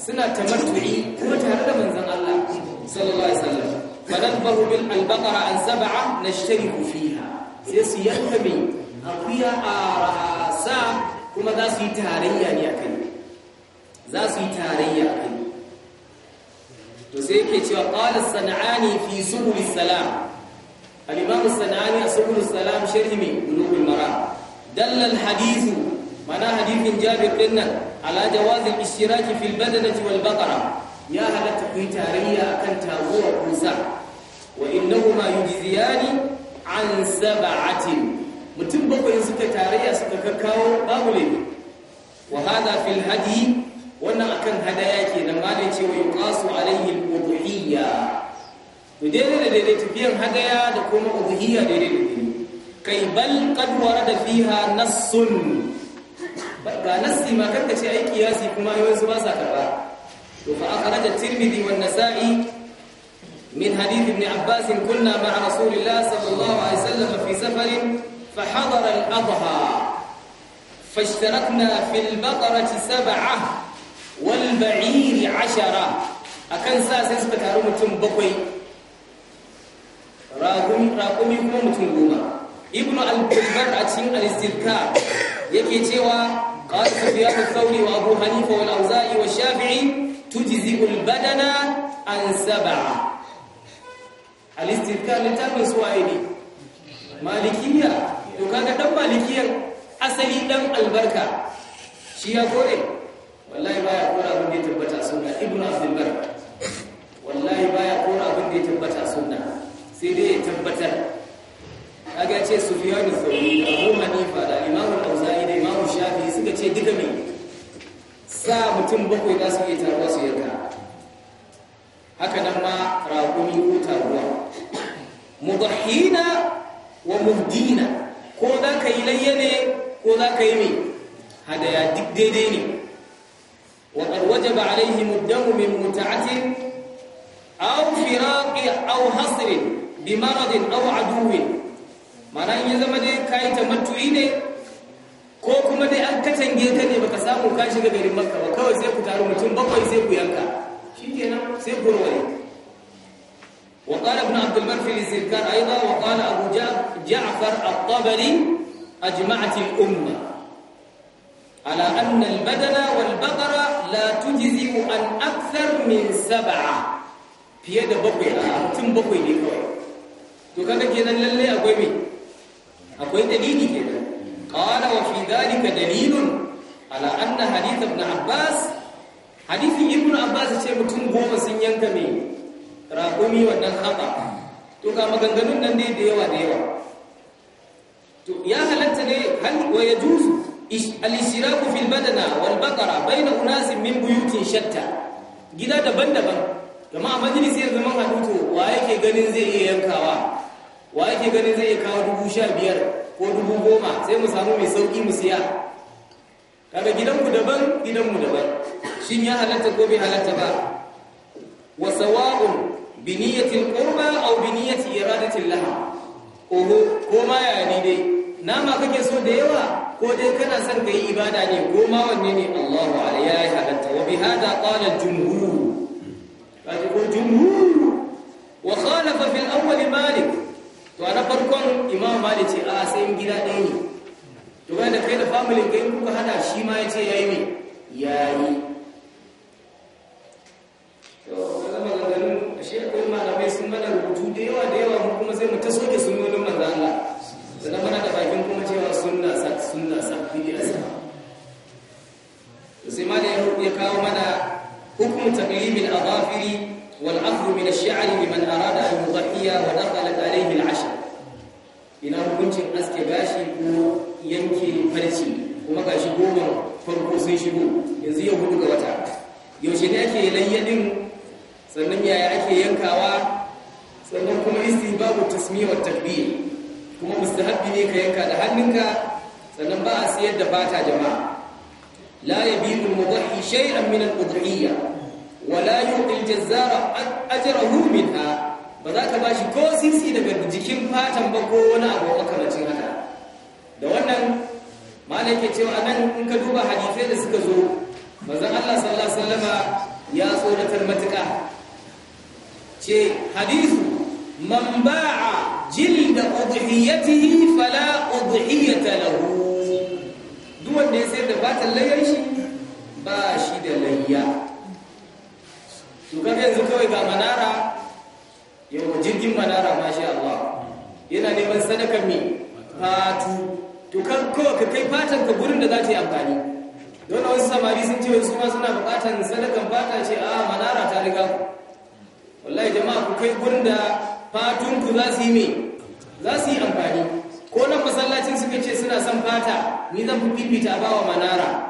suna tamattu'i kuma tare da manzon Allah sallallahu alaihi wasallam fanadbahu bil albaqara an sab'a nashtariku fiha sai su yanka mai akuya a sa kuma za su yi tarayya ne akai to sai yake cewa qala sanani fi subul salam salam dalla alhadith mana hadithin jabir din nan ala jawaz al-ishtirak fi al-badanati wal baqara ya halatta ku tarayya akan taguwa kusa wa innahuma yujziyani an sab'atin mutum bakwai suka tarayya suka kakkawo babu laifi Wahala hada wannan akan hadaya kenan ma da cewa yuqasu alayhi al-udhiyya to daidai da daidai tafiyan hadaya da kuma udhiyya daidai da daidai kai bal qad warada fiha nassun ba nassi ma kanka ce ai kiyasi kuma ai wasu ba sa karba to fa akhraj at-tirmidhi wan nasa'i min hadith ibn abbas kunna ma'a rasulillah sallallahu alaihi wasallam fi safarin fa hadara al-adha فاشتركنا في البقرة سبعة والبعير عشرة أكن ساسن سكتارو متن mutum bakwai راقومي kuma mutum goma. ibn al-jubbar a cikin al-istirka yake cewa qala sufyan al-thawri wa abu hanifa al auza'i wa shafi'i tujzi al-badana an sab'a al-istirka ne suwaye ne malikiya to kaga dan malikiyar asali dan albarka shi ya kore wallahi baya kora abin da ya tabbata sunna ibnu al bar wallahi baya kora abin da ya tabbata sunna sai dai ya tabbatar kaga ce ce sufiyanu sauri abu hanifa da imamu auza'i da imamu shafi suka ce duka ne sa mutum bakwai za suke iya taruwa su yarda haka nan ma raƙumi ko taruwa mudahina wa muhdina ko za ka yi layyane ne ko za ka yi mai hadaya duk daidai ne wa qad wajaba alayhi muddamu min muta'atin aw firaqi aw hasrin bi maradin aw aduwin mana in ya zama dai ka yi tamattu'i ne ko kuma dai an katange ka ne baka samu ka shiga garin makka ba kawai sai ku taru mutum bakwai sai ku yanka shikenan sai ku rawaye وقال ابن عبد البر في الاستذكار ايضا وقال ابو جعفر الطبري اجمعت الامه على ان البدن والبقر la تجزئ an اكثر min سبعه fiye da bakwai a mutum bakwai ne kawai to kaga kenan lalle akwai me akwai dalili da qala wa fi dalika dalilun ala anna hadith ibn abbas hadithin ibn abbas ce mutum goma sun yanka mai raƙumi wannan haɓa to ga maganganun nan dai da yawa da yawa to ya halatta ne hal wa yajuzu al-ishraku fil badana wal baqara bayna unasin min buyutin shatta gida daban-daban jama'a majalisi yanzu mun haɗu to wa yake ganin zai iya yankawa wa ake ganin zai kawo dubu sha biyar ko dubu goma sai mu samu mai sauƙi mu siya kada gidanku daban gidanmu daban shin ya halatta ko bai halatta ba wa sawa'un bi niyyatil qurba aw bi niyyati iradatil laha oho ko ma ya ni dai nama kake so da yawa ko dai kana son ka yi ibada ne ko ma wanne ne Allahu alayhi ya halatta wa bi hada qala jumhur kaji ko jumhur wa khalafa fil awwal malik to na farkon imam malik ce a sai in gida ɗaya ne to bayan da kai da family kai kuka hada shi ma ya ce yayi ne yayi to wanda maganganun shi akwai malamai sun mana rubutu da yawa da yawa mu kuma sai mu ta soke sunnonin manzo Allah sannan mana da bakin kuma cewa sunna sa sunna sa bid'a sa to sai ma da ya kawo mana hukum taqlimil adafiri والعفو من الشعر لمن أراد أن يضحي ودخلت عليه العشر ina hukuncin aske gashi ko yanke farci kuma gashi goma farko sun shigo yanzu yau hudu ga wata yaushe ne ake layyadin sannan yaya ake yankawa sannan kuma babu tasmiwa takbir kuma mustahabbi ne ka yanka da hannunka sannan ba a sayar da fata jama'a la yabi'u al-mudhi shay'an min al-udhiyya wala yu'til jazzara ajrahu minha ba za ka bashi ko sisi daga jikin fatan ba ko wani abu makamacin haka da wannan malai ke cewa anan in ka duba hadisai da suka zo manzon Allah sallallahu alaihi wasallama ya tsoratar matuƙa ce hadisu man ba'a jilda udhiyatihi fala udhiyata lahu duk wanda ya sayar da fatan layyan shi ba shi da layya to yanzu kawai ga manara yau jirgin manara masha Allah yana neman sadakar mi. fatu to kan kawai ka kai fatan ka gurin da za ta yi amfani don wasu samari sun ce su ma suna buƙatar sadakan fata ce a ah, manara ta riga wallahi jama'a ku kai gurin da fatun ku za su yi me za su yi amfani ko nan masallacin suka ce suna son fata ni zan fifita ba wa manara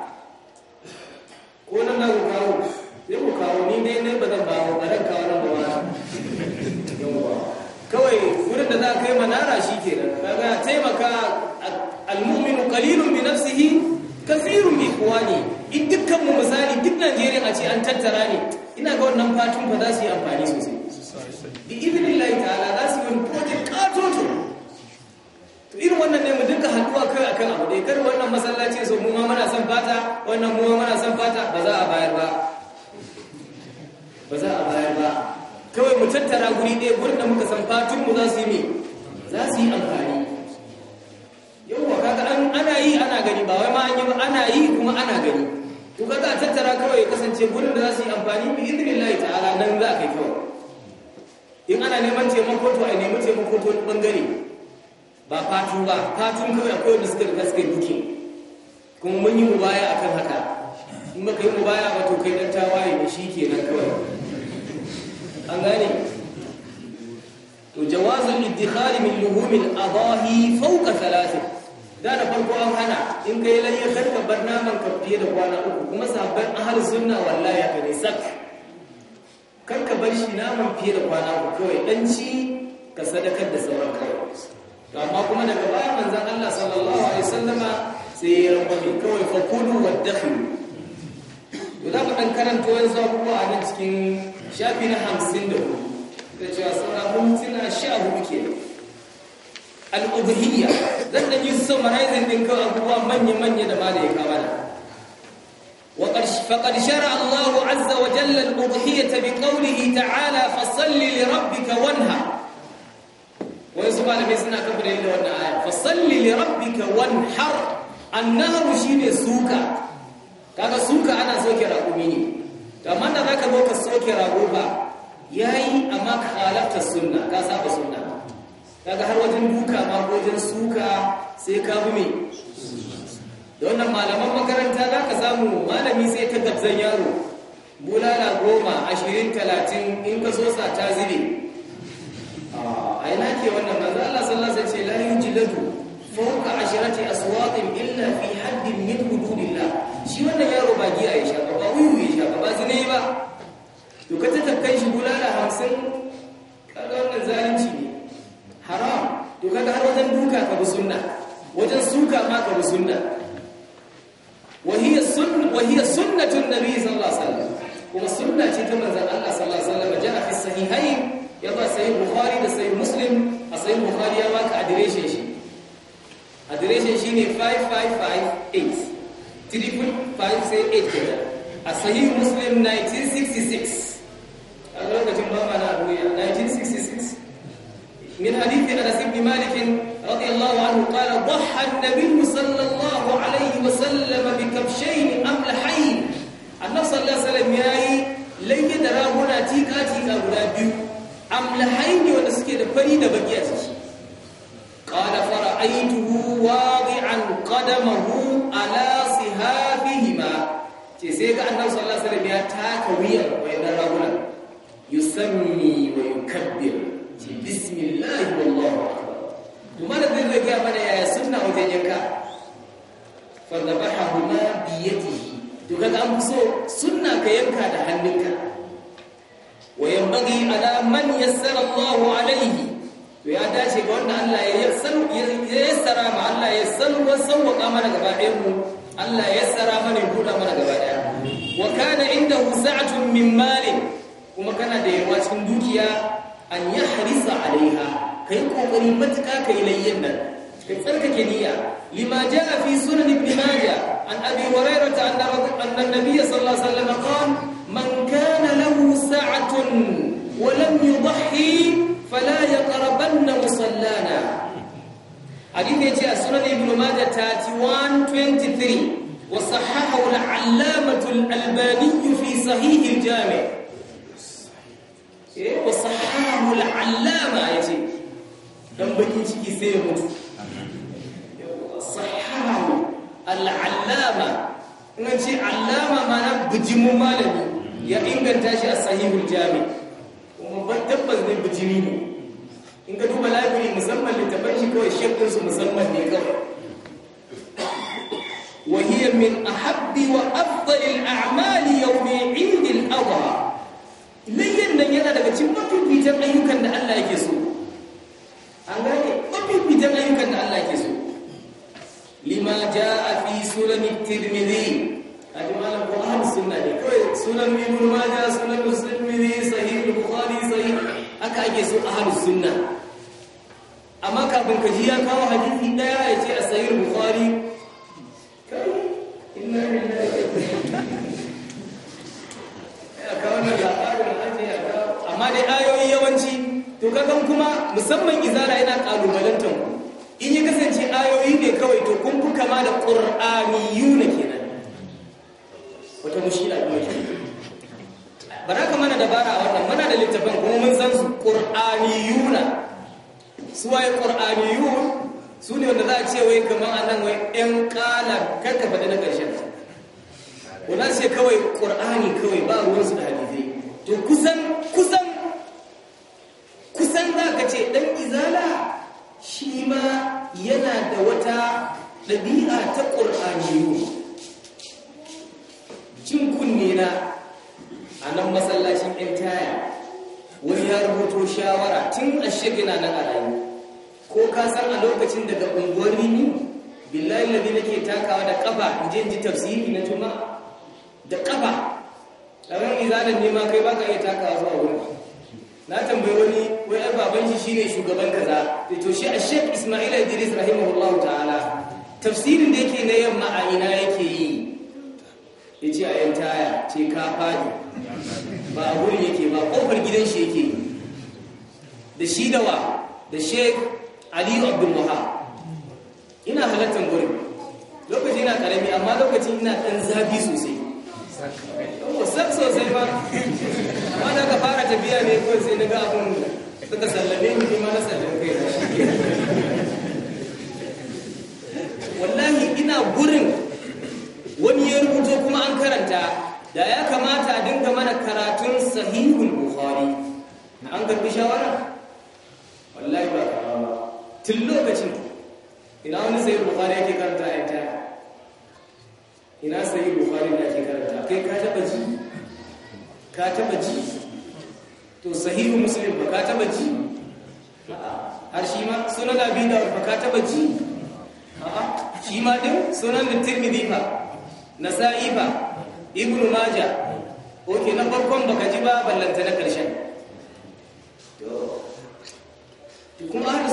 tattara ne ina ga wannan fatun ba za su yi amfani sosai bi izinin layi ta'ala za su yi wani project katoto to irin wannan ne mu dinka haduwa kai akan abu dai kar wannan masallaci so mu ma muna son fata wannan mu ma muna son fata ba za a bayar ba ba za a bayar ba kawai mu tattara guri ɗaya gurin da muka san fatun mu za su yi me za su yi amfani yau kaga ana yi ana gani ba wai ma an yi ba ana yi kuma ana gani to ga za a tattara kawai kasance gudun da za su yi amfani bi layi ta'ala nan za a kai kawai in ana neman taimako to a nemi taimako koto wani bangare ba fatu ba fatun kawai akwai wanda suka da suka duke kuma mun yi mubaya akan haka in ba ka yi mubaya ba to kai dan tawaye ne shi ke nan kawai an gane to jawazin iddikhali min luhumil adahi fawqa talatin. da da farko an hana in kai lalle kar ka bar naman ka fiye da kwana uku kuma sabon ahal sunna wallahi ka ne sak kar ka bar shi naman fiye da kwana uku kawai dan ci ka sadakar da sauran kawai amma kuma daga bayan manzon Allah sallallahu alaihi wasallama sai ya rubuta kawai fa kulu wa wadakhilu to za mu dan karanta wani zabuwa a nan cikin shafi na 54 da cewa sauran mutuna 14 kenan al'ubuhiyya zan da yi summarizing din kawai abubuwa manya-manya da mala ya kama da faƙar shara Allahu azza wa jalla al'ubuhiyya ta bi ƙaunihi ta'ala fasalli li rabbika wanha wani su malamai suna kafa da yadda wannan aya fasalli li rabbika wanhar shi ne suka kaga suka ana soke raƙumi ne amma da za ka zo ka soke rago ba yi amma ka halarta suna, ka saba suna. kaga har wajen duka ba wajen suka sai ka bi me da wannan malaman makaranta za ka samu malami sai ta gabzan yaro bulala goma ashirin talatin in ka so sa ta zube a ina ke wannan manzo Allah sallallahu alaihi wasallam ce la yujladu fawqa asharati aswatin illa fi haddin min hududillah shi wannan yaro ba giya ya shaka ba wuyu ya shaka ba zine ba to ka ta kai shi bulala 50 kaga wannan zalunci suka ka bi sunna wajen suka ma ka bi sunna wahiyar sunna wahiyar sunnatun nabi sallallahu alaihi wasallam kuma sunna ce ta manzon Allah sallallahu alaihi wasallam ja fi sahihain ya ba sahih bukhari da sahih muslim a sahih bukhari ya ba ka adireshin shi adireshin shi ne 5558 3.5 sai 8 kenan a sahih muslim 1966 a lokacin ba ma na 1966 min hadithi anas ibn malik رضي الله عنه قال ضحى النبي صلى الله عليه وسلم بكبشين أملحين النبي صلى الله عليه وسلم ياي لن يدرى هنا تيكا تيكا هنا بيو أملحين ونسكي لفريد بقياته قال فرأيته واضعا قدمه على صهابهما تسيك النبي صلى الله عليه وسلم يا تاكوية ويدرى هنا يسمي ويكبر بسم الله والله umar zai bai gaya mana yaya sunna wajen yanka farzabaha huma biyatihi to kaga an so sunna ka yanka da hannunka wa yanbaghi ala man yassara Allahu alaihi to ya dace ga wanda Allah ya yassara ma Allah ya salwa sauka mana gaba ɗayan mu Allah ya yassara mana buɗa mana gaba ɗaya wa kana indahu sa'atun min mali? kuma kana da yawa cikin dukiya an yahrisa alaiha ka yi ƙoƙari matuƙa ka yi layyan nan ka tsarkake niyya lima a fi sunan ibn majah an abi hurairah ta anna nabiyya sallallahu alaihi wasallam qala man kana lahu sa'atun wa lam yudhhi fala yaqrabanna musallana hadith yace a sunan ibn majah 3123 wa sahahahu al-allamah al-albani fi sahih al-jami' eh, wa sahahahu al-allama yace dan bakin ciki sai ya mutu sahahu al-allama in ce allama mana bijimin malami ya inganta shi a sahihul jami kuma ban tabbas ne bijimi ne in ka duba lafiya, musamman da littafan shi kawai su musamman ne kawai وهي من أحب وأفضل الأعمال يوم عيد الأضحى لين nan yana daga cikin mafi fitan ayyukan da Allah yake so an gane mafifitan ayyukan da Allah ke so lima a fi sunan tirmidhi ajmalan ko ahli suna ne kawai sunan ibn majah sunan muslim sahih bukhari sahih aka ake so a hannun suna. amma kafin ka ji ya kawo hadisi daya ya ce a sahih bukhari inna lillahi kawo na labarin ajiya amma dai ayoyi yawanci to kakan kuma musamman faɗi na ƙarshen kuna sai kawai ƙur'ani kawai ba ruwansu da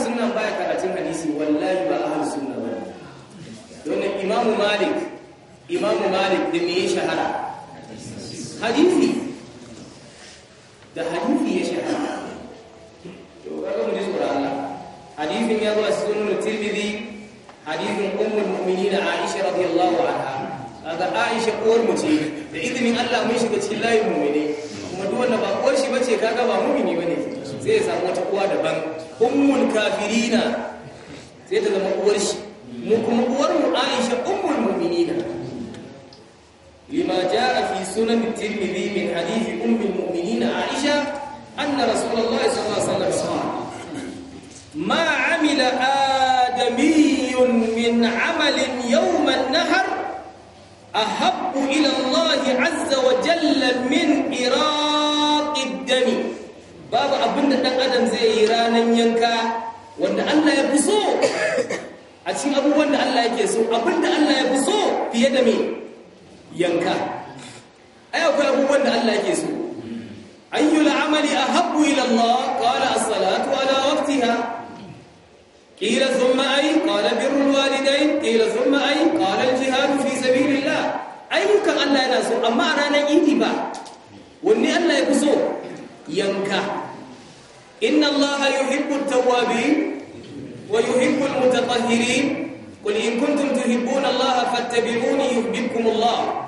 sunna baya karatun hadisi wallahi ba ahlus sunna ba Don imam malik imamu malik da me ya shahara hadisi da hadisi ya shahara to kaga mu ji tsoron Allah hadisin ya zo a sunan tirmidhi hadisin ummul mu'minin aisha radiyallahu anha kaga aisha uwar mu ce da idinin Allah mun shiga cikin layin mu'mini kuma duk wanda ba uwar shi bace kaga ba mu'mini bane zai samu wata uwa daban ummul kafirina sai ta zama uwar shi mu kuma uwar mu Aisha ummul mu'minina lima jaa fi sunan at-Tirmidhi min hadith ummul mu'minina Aisha anna Rasulullah sallallahu alaihi wasallam qala ma 'amila adamiyyun min 'amalin yawm an-nahr ahabbu ila Allah 'azza wa jalla min iraq ad-dami babu abin da ɗan adam zai yi ranar yanka wanda Allah ya fi so a cikin abubuwan da Allah yake so abin da Allah ya fi so fiye da me yanka ai akwai abubuwan da Allah yake so ayyul amali ahabbu ila Allah qala as-salatu ala waqtiha qila thumma ay qala birrul walidayn qila thumma ay qala al-jihad fi sabilillah ayyukan Allah yana so amma a ranar idi ba wanne Allah ya fi so ينكح إن الله يحب التوابين ويحب المتطهرين قل إن كنتم تحبون الله فاتبعوني يحبكم الله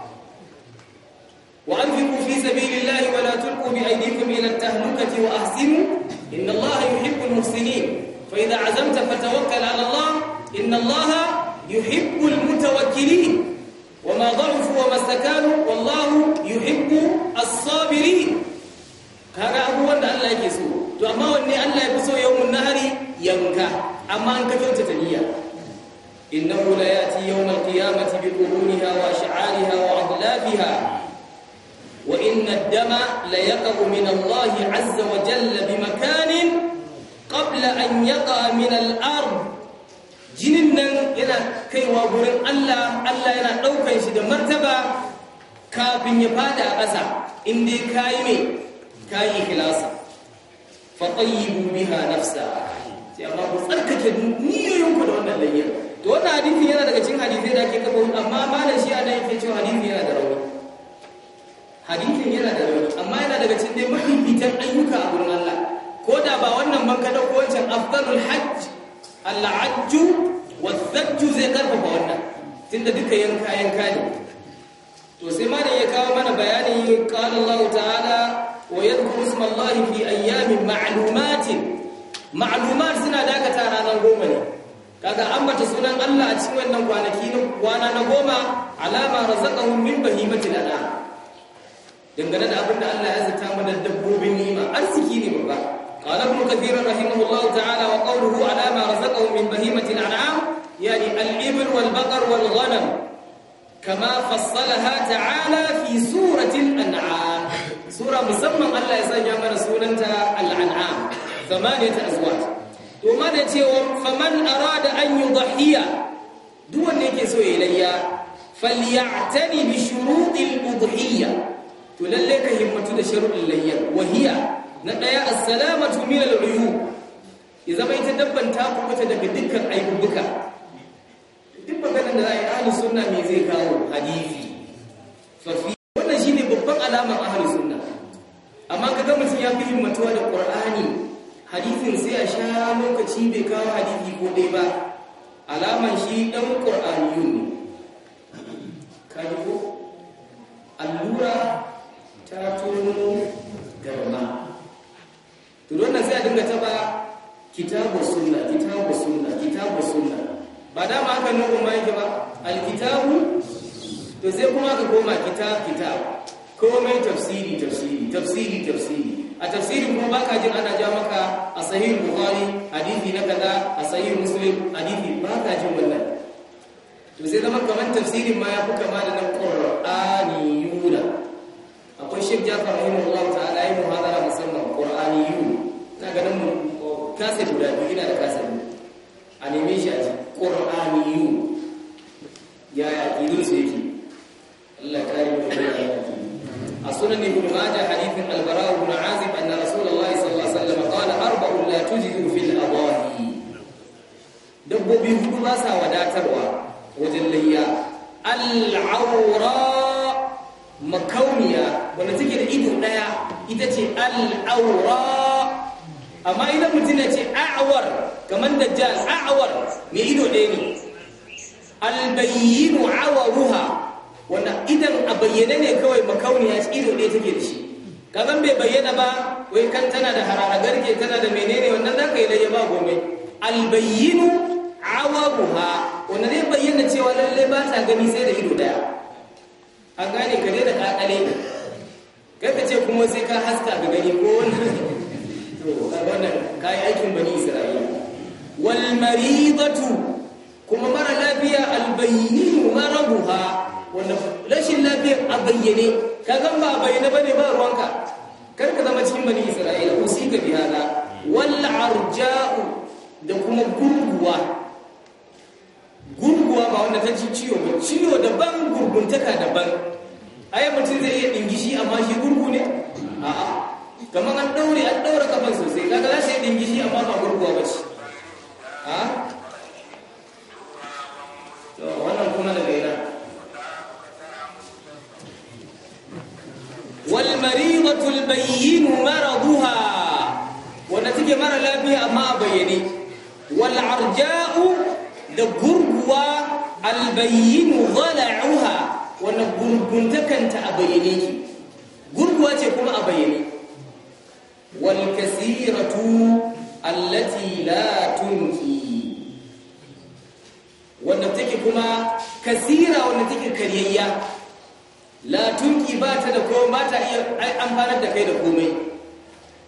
وأنفقوا في سبيل الله ولا تلقوا بأيديكم إلى التهلكة وأحسنوا إن الله يحب المحسنين فإذا عزمت فتوكل على الله إن الله يحب المتوكلين وما ضعفوا وما استكانوا والله يحب الصابرين kaga abubuwan da Allah yake so to amma wanne Allah ya fi so yawmun nahari yanka amma an kafa ta niyya innahu la yati yawm alqiyamati bi quruniha wa ash'ariha wa adlafiha wa inna ad-dama la yaqu min Allah azza wa jalla bi makanin qabla an yaqa min al-ard jinin nan yana kaiwa gurin Allah Allah yana daukar shi da martaba kafin ya fada a ƙasa in dai kayi mai ta yi ikhlasa fa tayyibu biha nafsa sai amma ku tsarkake niyoyin ku da wannan layyar to wannan hadisi yana daga cikin hadisi da ake kafa amma malam shi ana yake cewa hadisi yana da rauni hadisin yana da rauni amma yana daga cikin dai mafificin ayyuka a gurin Allah ko da ba wannan ban ka ko wancan afdalul hajj al-hajju wa hajju zai karfafa wannan tunda duka yanka yanka ne to sai malam ya kawo mana bayani qala Allah ta'ala ويذكر اسم الله في ايام معلومات معلومات suna dakata ranar goma ne kaga ambata sunan Allah a cikin wannan kwanaki na kwana na goma alama razaqahum min bahimatil anam dangane da abinda Allah ya zata mana dabbobin ni'ima arziki ne baba qala ibn kathir rahimahullah ta'ala wa qawluhu alama razaqahum min bahimatil anam yani al-ibl wal baqar wal ghanam kama fassalaha ta'ala fi surati al-an'am sura musamman Allah ya sanya mana sunanta al-an'am zamaniyat azwaj to mana cewa faman arada an yudhiya duk wanda yake so ya layya falyatani bi shurutil udhiya to lalle ka himmatu da sharuɗin layya wahiya na daya as-salamatu min al-uyub ya zama ita dabban ta kubuta daga dukkan aibubuka duk maganar da za a yi sunna me zai kawo hadisi fa wannan shine babban alamar ahli sunna amma kaga mutum ya fi himmatuwa da qur'ani hadithin sai a sha lokaci bai kawo hadithi ko dai ba alaman shi dan qur'aniyun kaji ko allura ta tono garma to don sai a dinga taba kitabu sunna kitabu sunna kitabu sunna ba da ma aka nuna mai ba alkitabu to sai kuma ka koma kitab kitab komai tafsiri tafsiri tafsiri tafsiri a tafsirin kuma baka jin ana ja maka a sahih bukhari hadithi na kaza a sahih muslim hadithi baka jin wannan to sai zaman kamar tafsirin ma ya kuka ma da na qur'ani yura akwai shek jafar rahimahullah ta'ala yi muhadara musamman qur'ani ta ga nan ka sai guda biyu ina da kasa biyu a neme shi a ji qur'ani yuna ya ya idin su yake Allah kare mu daga A بن ماجه da البراء بن عازب أن رسول الله صلى الله عليه وسلم قال أربع لا تجد في الأضاحي dabbobi hudu ba sa wadatarwa wajen layya al'aura makauniya wanda take da ido daya ita ce al'aura amma idan mutum ce a'awar kamar dajjal a'awar mai ido ɗaya ne albayyinu awaruha wanda idan a bayyane ne kawai makauniya ido ɗaya take da shi kazan bai bayyana ba wai kan tana da harara, garke tana da menene wannan za ka yi layya ba gome albayyinu awabuha wanda zai bayyana cewa lallai ba ta gani sai da ido daya an gane ka da kakale kai ka ce kuma sai ka haska ga gani ko wannan to wannan kai aikin bani isra'ila wal maridatu kuma mara lafiya albayyinu marabuha wannan rashin lafiyar a bayyane ka gan ba a bayyane bane ba ruwanka kar ka zama cikin bani isra'ila usika bi hada wal arja'u da kuma gurguwa gurguwa ba wanda ta ci ciwo ba ciwo daban gurguntaka daban ai mutum zai iya dingishi amma shi gurgu ne a'a kamar an daure an daura kafan sosai kaga za su yi dingishi amma ba gurguwa ba ce A'a. wannan kuma daga walmaridatul bayyinu maraduha wanda take mara lafiya amma a bayyane wal arja'u da gurguwa al bayyinu dhala'uha wanda gurguntakanta a bayyane gurguwa ce kuma a bayyane kasira wanda take karyayya la tunki ba ta da komai ba ta iya amfanar da kai da komai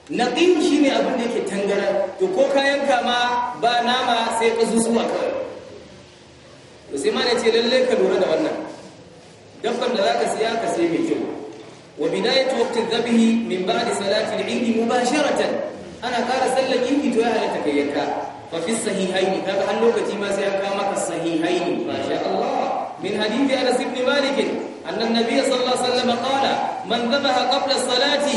shi shine abin da yake tangara to ko kayan kama ba nama sai kazuzuwa kawai to sai ma ce lalle ka lura da wannan dabban da zaka siya ka sai mai kyau wa bidayatu waqti dhabhi min ba'di salati al-eid mubasharatan ana fara sallar eid to ya halatta kai yanka fa fi sahihaini kaga an lokaci ma sai an kawo maka sahihaini masha Allah min hadith Anas ibn Malik أن النبي صلى الله عليه وسلم قال من ذبح قبل الصلاة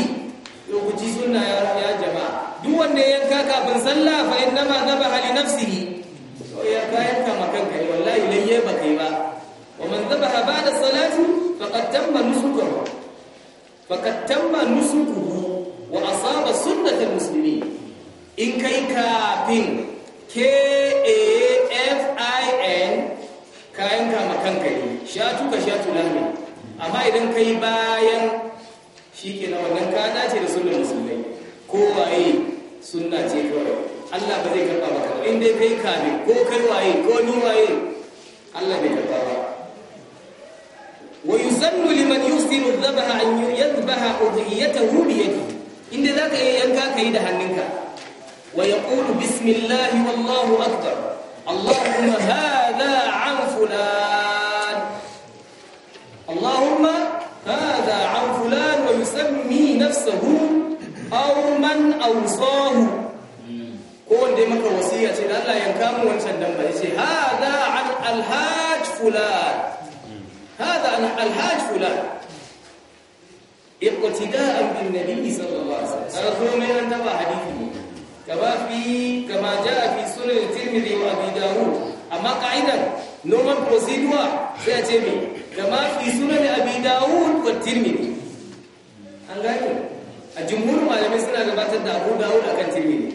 يوجي سنة يا جماعة duk wanda ya yanka kafin sallah fa innama dhabaha li nafsihi to ya ka yanka makan kai wallahi layye ba kai ba wa man dhabaha ba'da salati faqad tamma nusukuhu faqad tamma nusukuhu wa asaba sunnatal muslimin in kai kafin k a f i n kayan kama kanka ne shatu ka shatu ne, amma idan kai bayan shi ke na wannan ka dace da sunan musulmai waye sunna ce kawai Allah ba zai karɓa ba in kai kame ko kai waye ko ni waye Allah bai karɓa ba wa yusannu liman yusinu dhabaha an yadhbaha udhiyatahu bi yadihi inda zaka iya yanka yi da hannunka wa yaqulu "Bismillahi wallahu akbar اللهم هذا عن فلان اللهم هذا عن فلان ويسمي نفسه أو من أوصاه كون دي مكة وصية الله ينكام وانشان دنبا هذا عن الهاج فلان هذا عن الهاج فلان اقتداء بالنبي صلى الله عليه وسلم أرثوا من انتبه حديثه kama fi kama jaa fi sunan tirmidhi wa abi daud amma qa'idan normal procedure sai a ce me kama fi sunan abi daud wa tirmidhi an gani a jumhur malamai suna gabatar da abu daud akan tirmidhi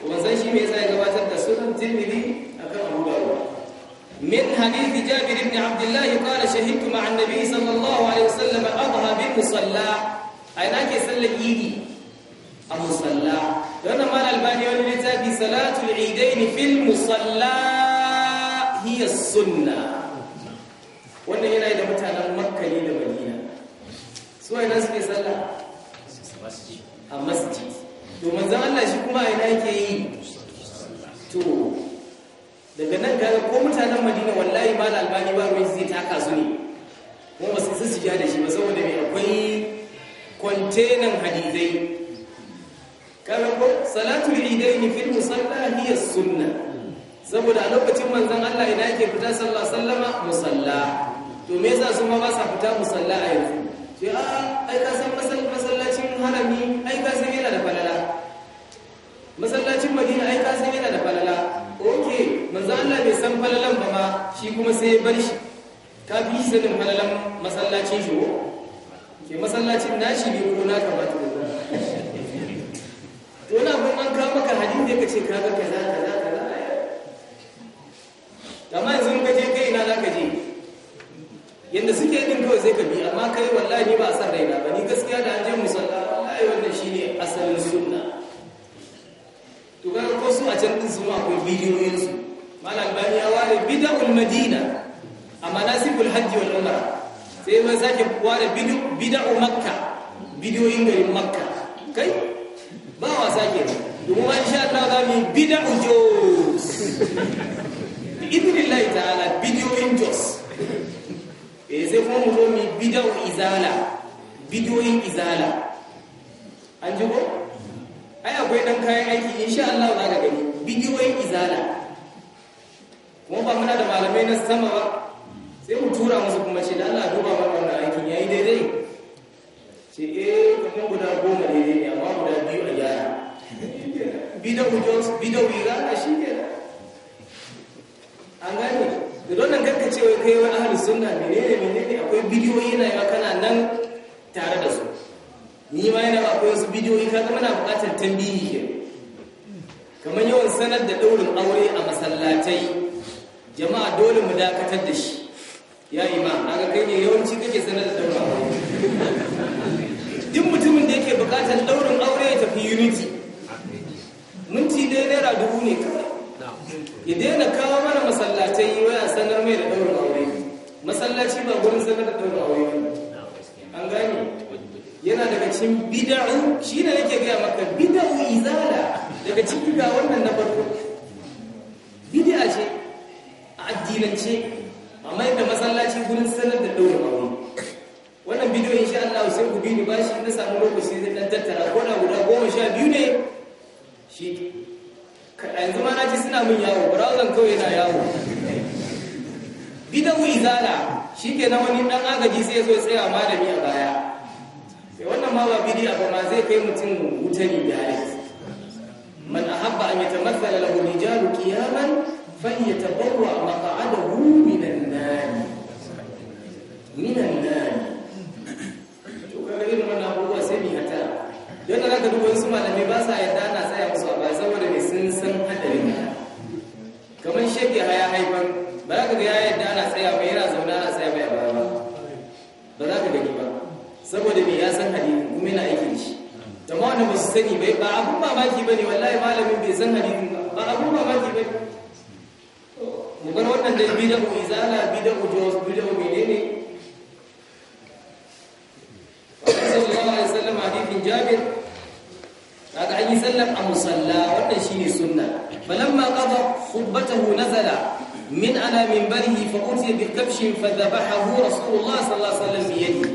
kuma san shi me yasa ya gabatar da sunan tirmidhi akan abu daud من حديث جابر بن عبد الله قال شهدت مع النبي صلى الله عليه وسلم أضحى بالمصلى أين أكي صلى إيدي a musalla don nan mara albani wani littafi salatu idaini fil musalla hiya sunna wannan yana da mutanen makka ne da madina su waina suke sallah a masjid to manzan Allah shi kuma a ina ke yi to daga nan ga ko mutanen madina wallahi ba da albani ba ruwan zai taka su ne kuma ba su su shiga da shi ba saboda mai akwai kwantenan hadizai kana ko salatul idain fil musalla hiya sunna saboda a lokacin manzon Allah ina yake fita sallallahu alaihi wasallama musalla to me yasa su ma ba sa fita musalla a yanzu Sai a ai ka san masallacin harami ai ka san yana da falala masallacin madina ai ka san yana da falala okay manzon Allah bai san falalan ba ma shi kuma sai ya bar shi ka bi sanin falalan masallacin shi ko ke masallacin nashi ne ko na ba to to na abin an kawo maka hadisi ka ce kaga kaza kaza kaza amma yanzu in ka je kai na zaka je yanda suke din kawai sai ka bi amma kai wallahi ni ba san raina ba ni gaskiya da an je musalla wallahi wannan shine asalin sunna to kaga ko su a can din su akwai bidiyoyin su malam bani ya ware bid'ul madina a manasibul hajji wal umrah sai ma sake ware bid'u makka bidiyoyin garin makka kai ba wasa ke domin an sha Allah za mu yi bida ujos ibnillahi ta'ala bidiyoyin jos eh sai kuma mu zo mu yi bida izala bidiyoyin izala an ji ko ai akwai dan kayan aiki insha Allah za ka gani bidiyoyin izala kuma ba muna da malamai na sama ba sai mu tura musu kuma shi da Allah duba mana wannan aikin yayi daidai ce eh guda goma ne ne amma guda biyu a gyara bidawu jones bidawu rana shi ne an gane da don nan karka ce wai kai wani ahalin sunna menene menene akwai bidiyoyi na yawa kana nan tare da su ni ma yana akwai wasu bidiyoyi ka kaga muna buƙatar tambihi ke kamar yawan sanar da ɗaurin aure a masallatai jama'a dole mu dakatar da shi ya imam kaga kai ne yawanci kake sanar da ɗaurin aure duk mutumin da yake bukatar daurin aure ya tafi unity minti dai naira dubu ne kawai ya daina kawo mana masallatai yi waya sanar mai da daurin aure masallaci ba gurin sanar da daurin aure an gani yana daga cikin bid'u shi ne yake gaya maka bid'u izala daga cikin ga wannan na farko bid'a ce a addinance amma yadda masallaci gurin sanar da daurin aure wannan bidiyo insha Allah sai ku bini bashi na samu lokaci zai dan tattara ko da guda goma sha biyu ne shi yanzu ma na ji suna min yawo browser kawai yana yawo bidawu izala shi ke na wani dan agaji sai zo tsaya malami a baya sai eh, wannan ma ba bidiyo ba ma zai kai mutum wutani da ya man ahabba an yatamathala lahu rijalu qiyaman فليتبوأ maq'adahu minan النار minan النار irin wannan abubuwa sai mai hatara don da zaka duba wasu malamai ba sa yarda ana tsaya musu a saboda mai sun san hadarin kamar shege haya haifan ba za ka ga ya yarda ana tsaya mai yana zaune ana tsaya mai a baya ba ba za ka gani ba saboda mai ya san hadisin kuma yana aikin shi jama'a wanda ba su sani bai ba abun mamaki ba ne wallahi malamin bai san hadisin ba ba abun mamaki ba ne mu bar wannan da dai ku izala bida'u jawaz bida'u menene hadithin jabir kaga an yi sallar a musalla wannan shine sunna falamma qada khutbatahu nazala min ala minbarihi fa utiya bi kabshin fa dhabahahu rasulullah sallallahu alaihi wasallam bi yadihi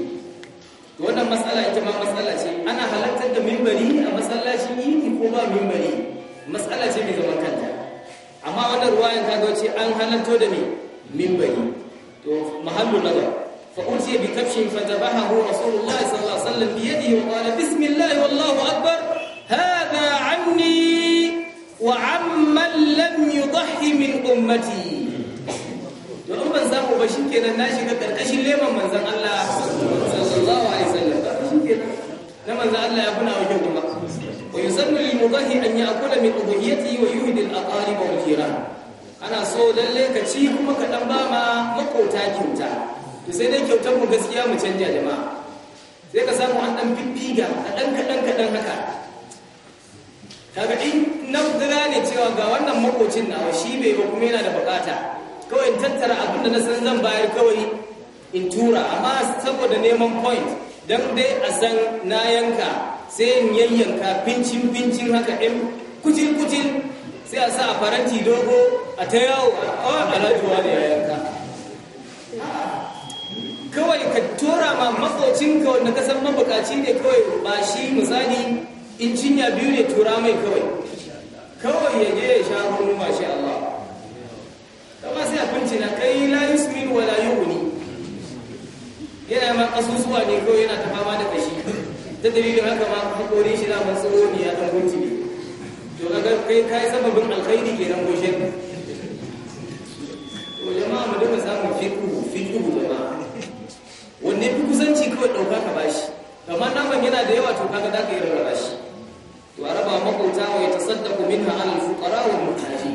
to wannan matsala ita ma matsala ce ana halartar da minbari a masallacin yi ko ba minbari matsala ce mai zaman kanta amma wannan ruwayan kaga ce an halarto da me minbari to mahallu nazar فأتي بكبش فذبحه رسول الله صلى الله عليه وسلم بيده وقال بسم الله والله أكبر هذا عني وعمن لم يضحي من أمتي don manzan uba shi kenan na shiga ƙarƙashin leman manzan Allah sallallahu alaihi wasallam na manzan Allah ya kuna wajen kuma wa yusannu lil mudahi an ya'kula min udhiyati wa yuhdi al aqarib wal jiran ana so lalle ka ci kuma ka dan ba ma makota to sai dai kyautar mu gaskiya mu canja jama'a sai ka samu an dan fiffiga a dan kadan kadan haka kaga in nafdira ne cewa ga wannan makocin na shi bai ba kuma yana da bukata kawai in tattara abin da na san zan bayar kawai in tura amma saboda neman point dan dai a san na yanka sai in yayyanka pincin pincin haka ɗin kucin kucin sai a sa a faranti dogo a ta yawo a oh, alhaji da ya yanka kawai ka tura ma makocinka wanda ka san mabukaci ne kawai ba shi misali injiniya biyu ne tura mai kawai kawai ya je ya sha hannu mashi Allah kama sai a na kai la yusmin wa la wuni. yana ma kasusuwa ne kawai yana ta fama da kashi ta dalilin haka ma hakori shi na matsoro ne ya dan gunci ne to kaga kai kai sababin alkhairi ke nan goshen to jama'a mu dinga samun fiqhu fiqhu jama'a wanne fi kusanci kawai ɗauka ka bashi amma naman yana da yawa to kaga za ka yi rarraba shi to a raba makauta wa ya tasaddaku minha alal fuqara wal muhtaji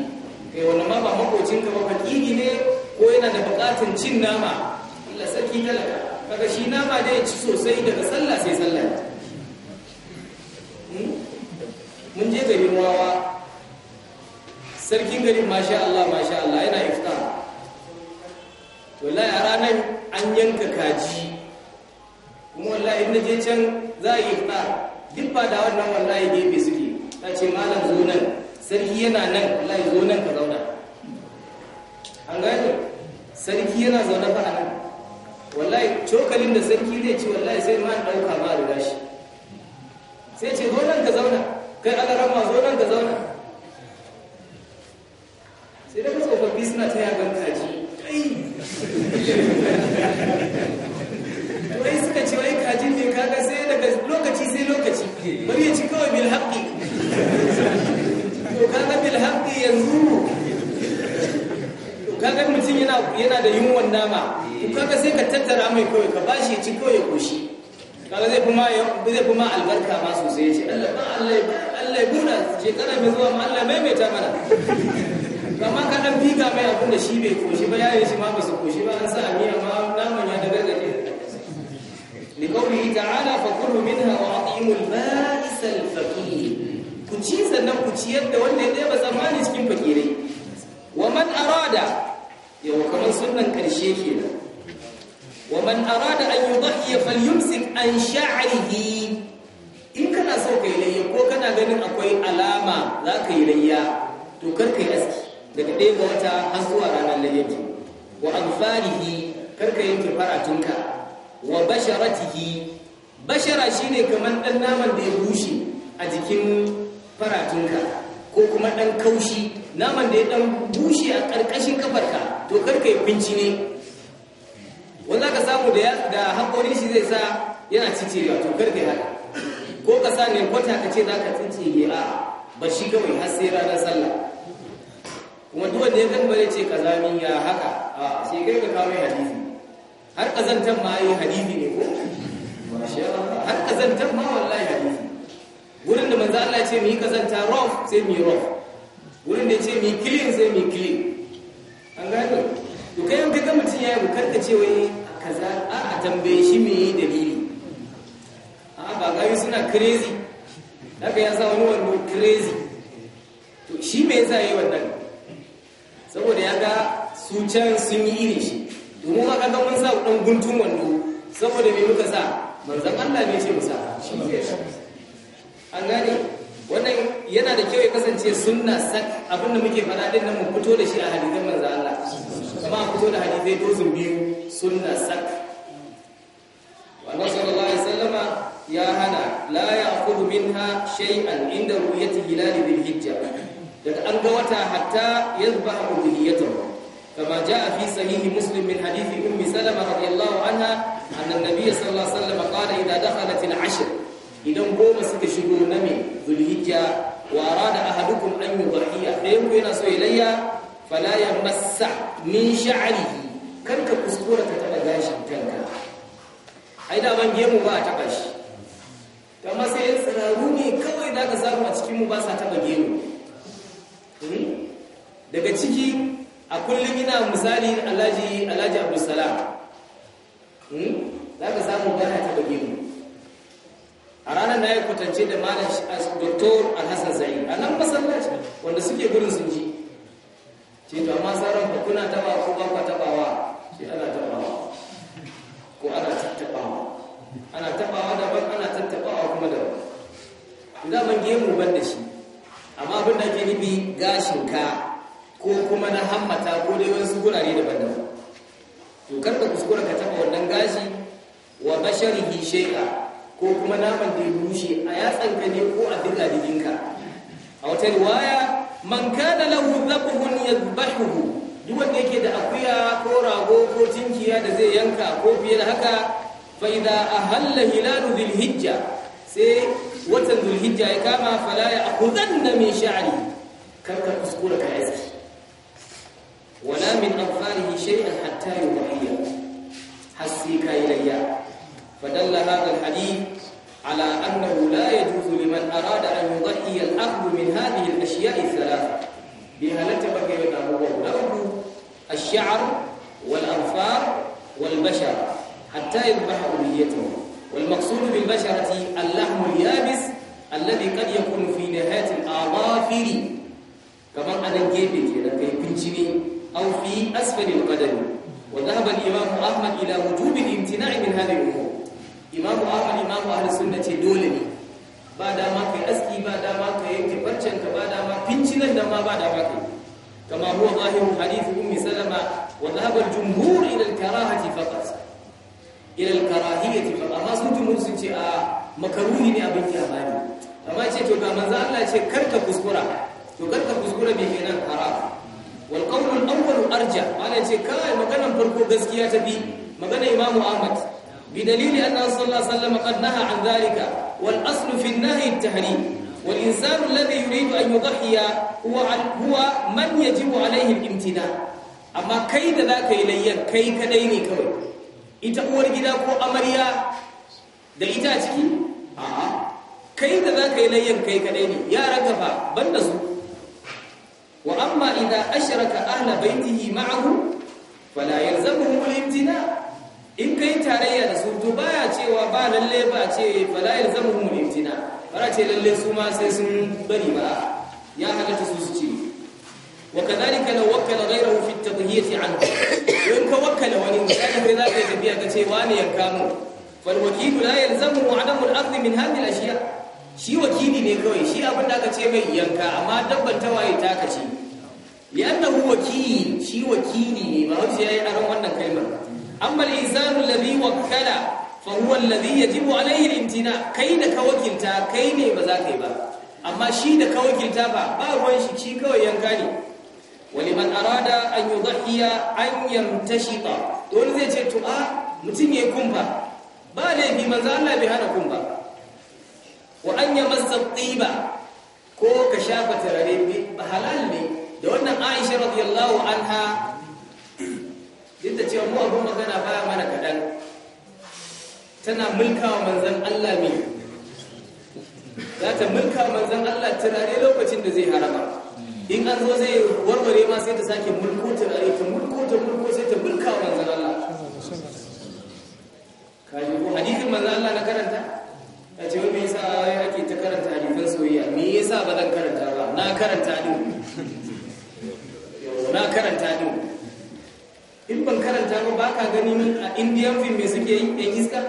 kai wanda ma ba makocin ka ba fakiri ne ko yana da buƙatar cin nama Allah sarki talaka kaga shi nama da ya ci sosai daga sallah sai sallah hmm? mun je garin wawa sarkin garin masha Allah masha Allah yana iftar wallahi a ranar an yanka kaji kuma wallahi inda je can za a yi fita duk ba da wannan wallahi gefe suke ta ce malam zo nan sarki yana nan wallahi zo nan ka zauna an gani sarki yana zaune fa nan wallahi cokalin da sarki zai ci wallahi sai ma ɗauka ma da shi sai ce zo nan ka zauna kai alarama zo nan ka zauna dama to kaga sai ka tattara mai kawai ka bashi ya ci kawai ya koshi kaga zai kuma zai kuma albarka ma sosai ya ce Allah ba Allah Allah ya burna shekara mai zuwa ma Allah maimaita mana kamar ka dan biga mai abin da shi bai koshi ba yayin shi ma ba su koshi ba an sa amiya ma naman ya daga Ni kawai fa gaje لقوله تعالى فكلوا منها وأطعموا البائس الفقير كنشي سنن كنشي يد ولا يد بس ما نسكن فقيري ومن أراد yau kamar sunan karshe nan. wa man arada an yudhiya falyumsik an sha'rihi in kana so kai layya ko kana ganin akwai alama za ka yi layya to kar yi aski daga ɗaya ga wata har zuwa ranar layya wa anfarihi kar ka yanke faratunka wa basharatihi bashara shine kamar dan naman da ya bushe a jikin faratunka ko kuma dan kaushi naman da ya dan bushe a ƙarƙashin kafarka to karka yi binci ne wanda ka samu da haƙorin shi zai sa yana cicewa to karka yi haka ko ka sa ne kwata ka ce za zaka yi a ba shi kawai har sai ranar sallah kuma duk wanda ya gamba ya ce zami ya haka a sai kai ka kawo hadisi har kazantar ma yi hadisi ne ko har kazantar ma wallahi hadisi wurin da manzo Allah ya ce mu yi kazanta rof sai mu yi rof wurin da ya ce mi clean sai mi clean an gano to kai yanka ga mutum ya yi bukarka ce wai kaza a a tambaye shi me yi dalili a ba gayu suna crazy daga ya sa wani wando crazy to shi me yasa yi wannan saboda ya ga su can sun yi irin shi domin ma kaga mun sa dan guntun wando saboda me muka sa manzan Allah ne ce mu sa shi ke an gane wannan yana da kyau ya kasance sunna sak abin da muke fara din nan mu fito da shi a hadisan manzo Allah kuma fito da hadisai dozin biyu sunna sak wannan sallallahu alaihi wasallama ya hana la ya'khudhu minha shay'an inda ru'yati hilal bil hijja daga an ga wata hatta yadhbahu dhiyatahu كما جاء fi sahihi مسلم من حديث أم سلمة رضي الله عنها أن النبي صلى الله عليه وسلم قال إذا دخلت العشر idan goma suka shigo na me zulhijja wa arada ahadukum an yudhiya dayan mu yana so ya layya fala yamassa min sha'rihi kar ka kuskura ka taɓa gashin kanka ai da ban gemu ba a taɓa shi amma sai yan tsiraru ne kawai daga ka samu a cikinmu ba sa taba gemu hmm? daga ciki a kullum ina misali alhaji abdulsalam hmm? za ka samu ba ta taba gemu a ranar na ya kwatance da malam doktor alhassan zai a nan masallaci wanda suke gurin sun ji ce to amma tsaron ku kuna taba ko ba ku tabawa ce ana tabawa ko ana tattabawa ana tabawa daban ana tattabawa kuma daban da ban gemu ban da shi amma abin da ke nufi gashin ka ko kuma na hammata ko dai wasu gurare daban-daban to karka kuskura ka taba wannan gashi wa basharihi shay'a ko kuma naman da ya a yatsan ne ko a jikinka? a wata riwaya man kana lahu dhabhun yadhbahuhu duk wanda yake da akuya ko rago ko tinkiya da zai yanka ko fiye da haka fa idza ahalla hilalu Hijja? sai watan Hijja ya kama fala ya akhudanna min sha'ri kar ka kuskura ka aski wala min afarihi shay'an hatta yuhiya hasika ilayya فدل هذا الحديث على أنه لا يجوز لمن أراد أن يضحي الأخذ من هذه الأشياء الثلاثة بها لتبقى الأرض الشعر والأظفار والبشر حتى يذبح أمنيته والمقصود بالبشرة اللحم اليابس الذي قد يكون في نهاية الأظافر كما أنا جيبي كده كي بنجني أو في أسفل القدم وذهب الإمام أحمد إلى وجوب الامتناع من هذه الأمور imamu ahmad imamu ahlus sunna ce dole ne ba dama kai aski ba dama kai yanke farcen ba dama fincinan nan ma ba dama kai kama huwa zahiru hadith ummi salama wa dhahaba al-jumhur ila al-karahati faqat ila al-karahiyati faqat amma sun jumhur sun ce a makaruhi ne abin kyamani amma ce to ga manzo Allah ce karka kuskura to karka kuskura me kenan haram wal qawl al-awwal arja wannan ce kai maganan farko gaskiya ta bi maganan imamu ahmad بدليل أنه صلى الله عليه وسلم قد نهى عن ذلك والأصل في النهي التحريم والإنسان الذي يريد أن يضحي هو, هو من يجب عليه الامتناع أما كيد ذاك إلي كي كديني كوي إتقور جداكو أمريا دليتاتك آه. كيد ذاك إلي كي كديني يا رقفا بندسو وأما إذا أشرك أهل بيته معه فلا يلزمهم الامتناع in ka yi tarayya da su to baya cewa ba lalle ba ce fala yalzamuhum al-imtina bara ce lalle su ma sai sun bari ba ya halatta su su ce wa kadhalika law wakkala ghayrahu fi at-tadhiyati anhu in ka wakkala wani misali kai zaka tafiya ka ce wani yanka mu fal wakilu la yalzamuhu adamu al-akhdh min hadhihi al-ashya shi wakili ne kawai shi abin da aka ce mai yanka amma dabban tawaye ta kace li'annahu wakili shi wakili ne ba wuce yayi aron wannan kalmar amma al-insanu alladhi kala fa huwa ya yajibu alayhi al kai da ka wakilta kai ne ba za ka yi ba amma shi da ka wakilta ba ba ruwan shi ci kawai yanka ne waliman arada an yudhiya an yamtashita ba? wani zai ce tu'a mutum mutum yayi kumfa ba laifi manzo Allah bai hana kumfa wa an yamassa tiba ko ka shafa tarare halal ne da wannan Aisha radiyallahu anha duk da cewa mu abin magana baya mana kaɗan tana mulkawa manzan Allah ne za ta mulkawa manzan Allah turare lokacin da zai harama in an zo zai warware ma sai ta sake mulko turare ta mulko ta mulko sai ta mulkawa manzan Allah kaji ko hadisin manzan Allah na karanta a ce wani me yasa ake ta karanta hadisan soyayya me yasa ba zan karanta ba na karanta din na karanta din in ban karanta ba baka gani a indian film me suke yi yan iska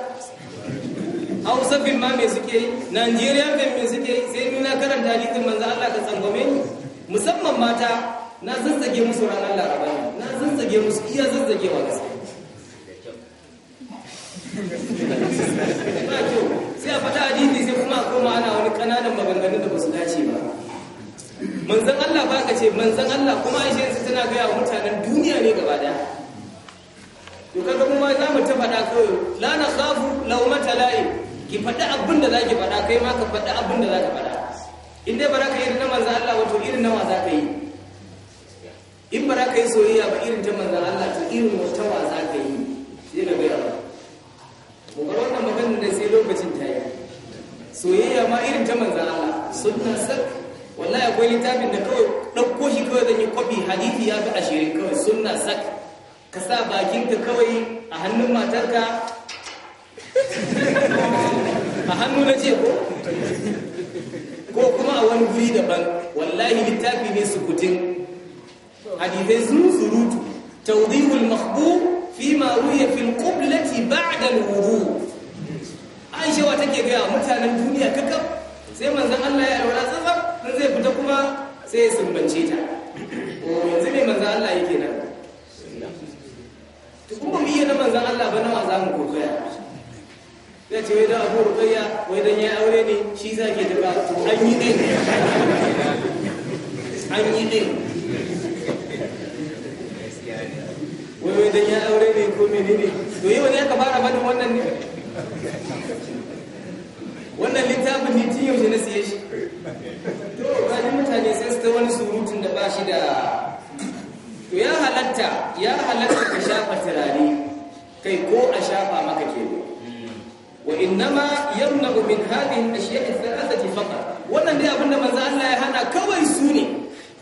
hausa film ma me suke yi nigerian film me suke yi sai ni na karanta hadisin manzo Allah ka tsangwame musamman mata na zazzage musu ranar laraba na zazzage musu iya zazzage wa gaske sai a faɗa hadisi sai kuma a koma ana wani ƙananan maganganun da ba su dace ba manzan Allah ba ka ce manzan Allah kuma aishe tana gaya wa mutanen duniya ne gaba daya to kaga mu ma mu ta faɗa kawai la na khafu lawmata la'i ki faɗa abin da zaki faɗa kai ma ka faɗa abin da zaki faɗa in dai bara ka yi na manzo Allah wato irin nawa za ka yi in bara ka yi soyayya ba irin ta manzo Allah to irin wata wa za ka yi sai na gaya ba mu ga wannan magana da sai lokacin ta yi soyayya ma irin ta manzo Allah sunna sak wallahi akwai littafin da kawai dauko shi kawai zan yi kwafi hadisi ya fi ashirin kawai sunna sak ka sa bakinka kawai a hannun matarka a hannu na ce ko ko kuma a wani guri daban wallahi littafi ne kutin. hadithai sun surutu tawdihul mahbu fi ma fil qiblati ba'da wudu Aisha wa take gaya mutanen duniya kakaf sai manzon Allah ya alwala tsatsa dan zai fita kuma sai ya sumbance ta yanzu ne manzon Allah yake nan to kuma mu yi na manzan Allah ba nawa za mu kokoya zai ce wai dan abu rukayya wai dan ya aure ne shi za ke tafa an yi ne an yi ne wai wai dan ya aure ne ko menene to yau ne ka fara bada wannan ne wannan littafin ne tun yaushe na siye shi to ba ni mutane sai su ta wani surutun da ba shi da to ya halatta ya halatta ka shafa turare kai ko a shafa maka ke wa innama yamna'u min hadhihi al-ashya'i thalathati faqat wannan dai abinda manzo Allah ya hana kawai su ne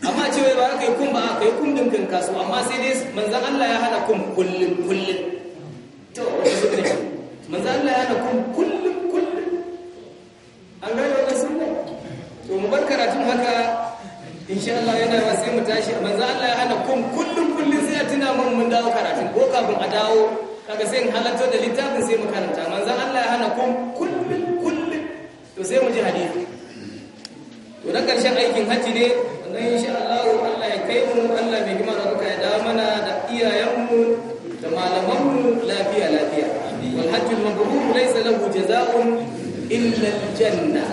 amma wai ba kai kun ba kai kun din kan kasu amma sai dai manzo Allah ya hana kun kullun kullun to manzo Allah ya hana kun kullun kullun an ga wannan sunna to mu bar karatun haka insha Allah yana ba sai mu tashi za Allah ya hana kun kullum kullum sai ya tuna mun mun dawo karatun ko kafin a dawo kaga sai in halatto da littafin sai mu karanta za Allah ya hana kun kullum kullum to sai mu ji hadisi to na karshen aikin haji ne wannan insha Allah Allah ya kai mu Allah mai himma da ya dawo mana da iyayenmu da malamanmu lafiya lafiya wal hajjul mabrur laysa lahu jazaa'un illa al janna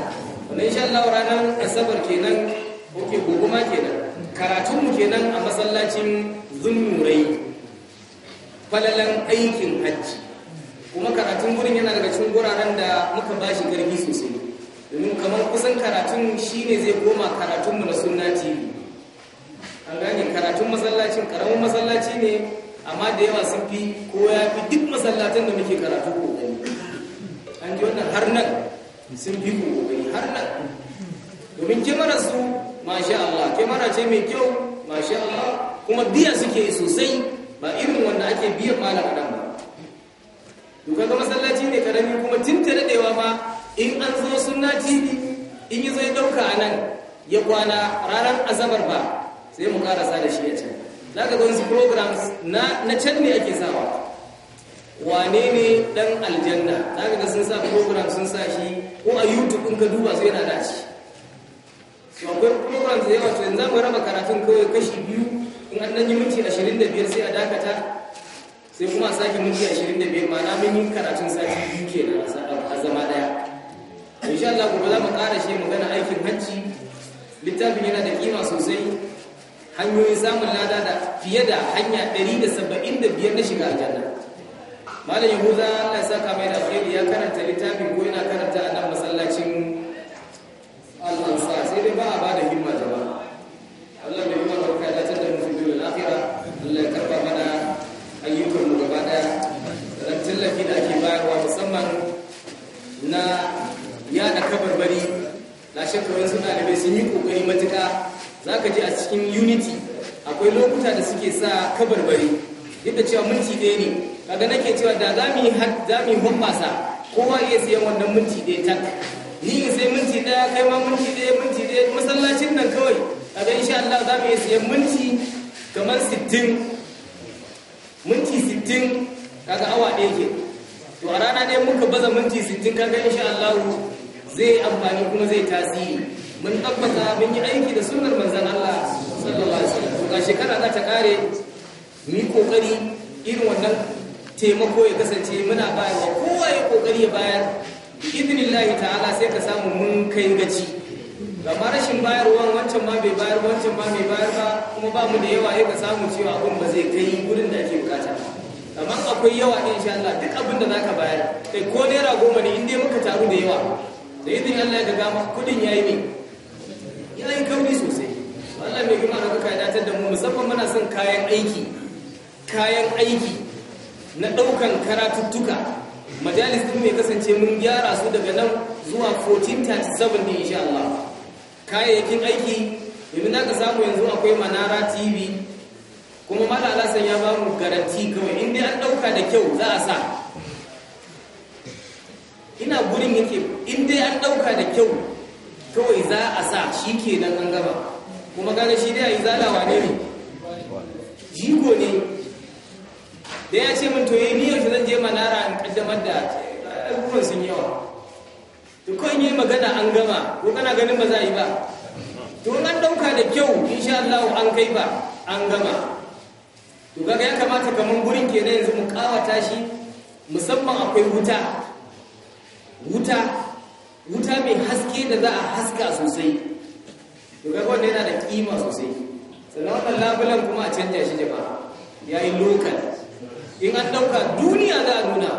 wannan insha Allah ranar asabar kenan oke gobe ma kenan karatunmu kenan a masallacin zunnurai falalan aikin hajji kuma karatun gudun yana daga cikin guraren da muka ba shi garbi sosai domin kamar kusan karatun shi ne zai koma karatunmu na suna tv an gane karatun masallacin karamin masallaci ne amma da yawa sun fi ko ya fi duk matsalatan da muke karatu kokari an ji wannan har nan sun fi kokari har nan domin kimarar su masha Allah kyamara ce mai kyau masha Allah kuma biya suke sosai ba irin wanda ake biyan malam adam ba duka ga masallaci ne karami kuma tun ta daɗewa ma in an zo sunna tv in yi zai dauka a nan ya kwana ranar azabar ba sai mu karasa da shi ya can zaka ga wasu programs na can ne ake sawa wane ne dan aljanna zaka ga sun sa program sun sa shi ko a youtube in ka duba sai yana da shi akwai programs da yawa to yanzu mu raba karatun kawai kashi biyu in an ɗan yi minti ashirin da biyar sai a dakata sai kuma a sake minti ashirin da biyar ma'ana mun yi karatun sati biyu kenan a zama ɗaya insha Allah gobe za mu ƙara shi magana aikin hajji littafin yana da kima sosai hanyoyin samun lada da fiye da hanya biyar na shiga aljanna malam yahuza Allah ya saka mai da alheri ya karanta littafin ko yana karanta a nan masallacin al'ansa sai dai ba a ba da himma jaba Allah mai himma barka da tattar mu fito da lafiya ya karba mana ayyukan mu gaba daya ran tallafi da ake bayarwa musamman na yada kabarbari na shekarun suna da sun yi kokari matuka zaka je a cikin unity akwai lokuta da suke sa kabarbari duk da cewa minti ɗaya ne kaga nake cewa da za mu yi hoɓɓasa kowa iya siyan wannan minti ɗaya tak ni in sai minti daya kai ma minti daya minti daya masallacin nan kawai a ga insha Allah za mu iya siyan minti kamar 60 minti 60 kaga awa ɗaya ke to a rana ɗaya muka baza minti 60 kaga insha Allah zai amfani kuma zai tasiri mun tabbata mun yi aiki da sunnar manzon Allah sallallahu alaihi wasallam ga shekara za ta kare mu yi kokari irin wannan taimako ya kasance muna bayarwa kowa ya kokari ya bayar bi ta'ala sai ka samu mun kai gaci Gama rashin bayarwan wancan ma bai bayar wancan ma bai bayar ba kuma ba mu da yawa ya ka samu cewa abin ba zai kai gudun da ake bukata amma akwai yawa insha Allah duk abin da zaka bayar kai ko naira goma ne in dai muka taru da yawa da idin Allah ya ga maka kudin yayi ne yayi kauri sosai Allah mai girma da ka datar da mu musamman muna son kayan aiki kayan aiki na ɗaukan karatuttuka majalis din mai kasance mun gyara su daga nan zuwa 1437 ne insha Allah kayayyakin aiki yanzu naka samu yanzu akwai manara tv kuma mala alasan ya ba mu garanti kawai in dai an dauka da kyau za a sa ina gurin yake in dai an dauka da kyau kawai za a sa shi ke nan an gaba kuma gane shi dai a yi zalawa ne ne jigo ne da ya ce min to eh, yi su zan je manara in kaddamar da abubuwan sun yawa to kawai in yi magana an gama ko kana ganin ba za yi ba to an ɗauka da kyau insha Allah an kai ba an gama to kaga ya kamata kamar gurin na yanzu mu kawata shi musamman akwai wuta wuta wuta mai haske da za a haska sosai to kaga wanda yana da kima sosai sannan wannan labulan kuma a canja shi jama'a yayi local in an daura duniya za a nuna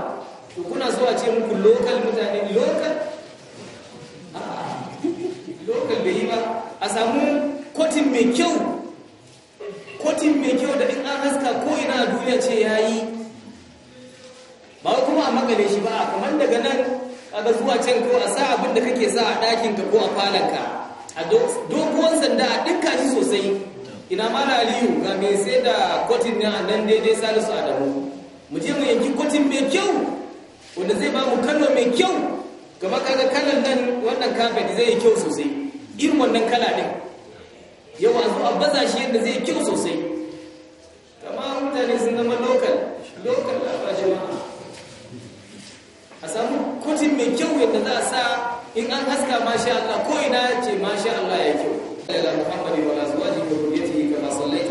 to kuna so a ce muku lokal mutane lokal lokal da yi ba a samu kotin mai kyau kotin mai kyau da in an haska ko ina a duniya ce ya yi ba kuma a magane shi ba kamar daga nan kaga zuwa can ko a sa abin da kake sa a ɗakinka ko a falanka a doguwar sanda a ɗinka shi sosai ina ma da aliyu ga mai sai da kotin na nan daidai salisu adamu mu je mu yanki kotin mai kyau wanda zai ba mu kallon mai kyau kamar kaga kallon nan wannan kafet zai yi kyau sosai irin wannan kala din yawa zo a baza shi yadda zai yi kyau sosai kamar mutane sun zama lokal lokal a bashi a samu kotin mai kyau yadda za a sa in an haska masha Allah ko ina ce masha Allah ya kyau إلى محمد وعلى أزواجه وذريته كما صليت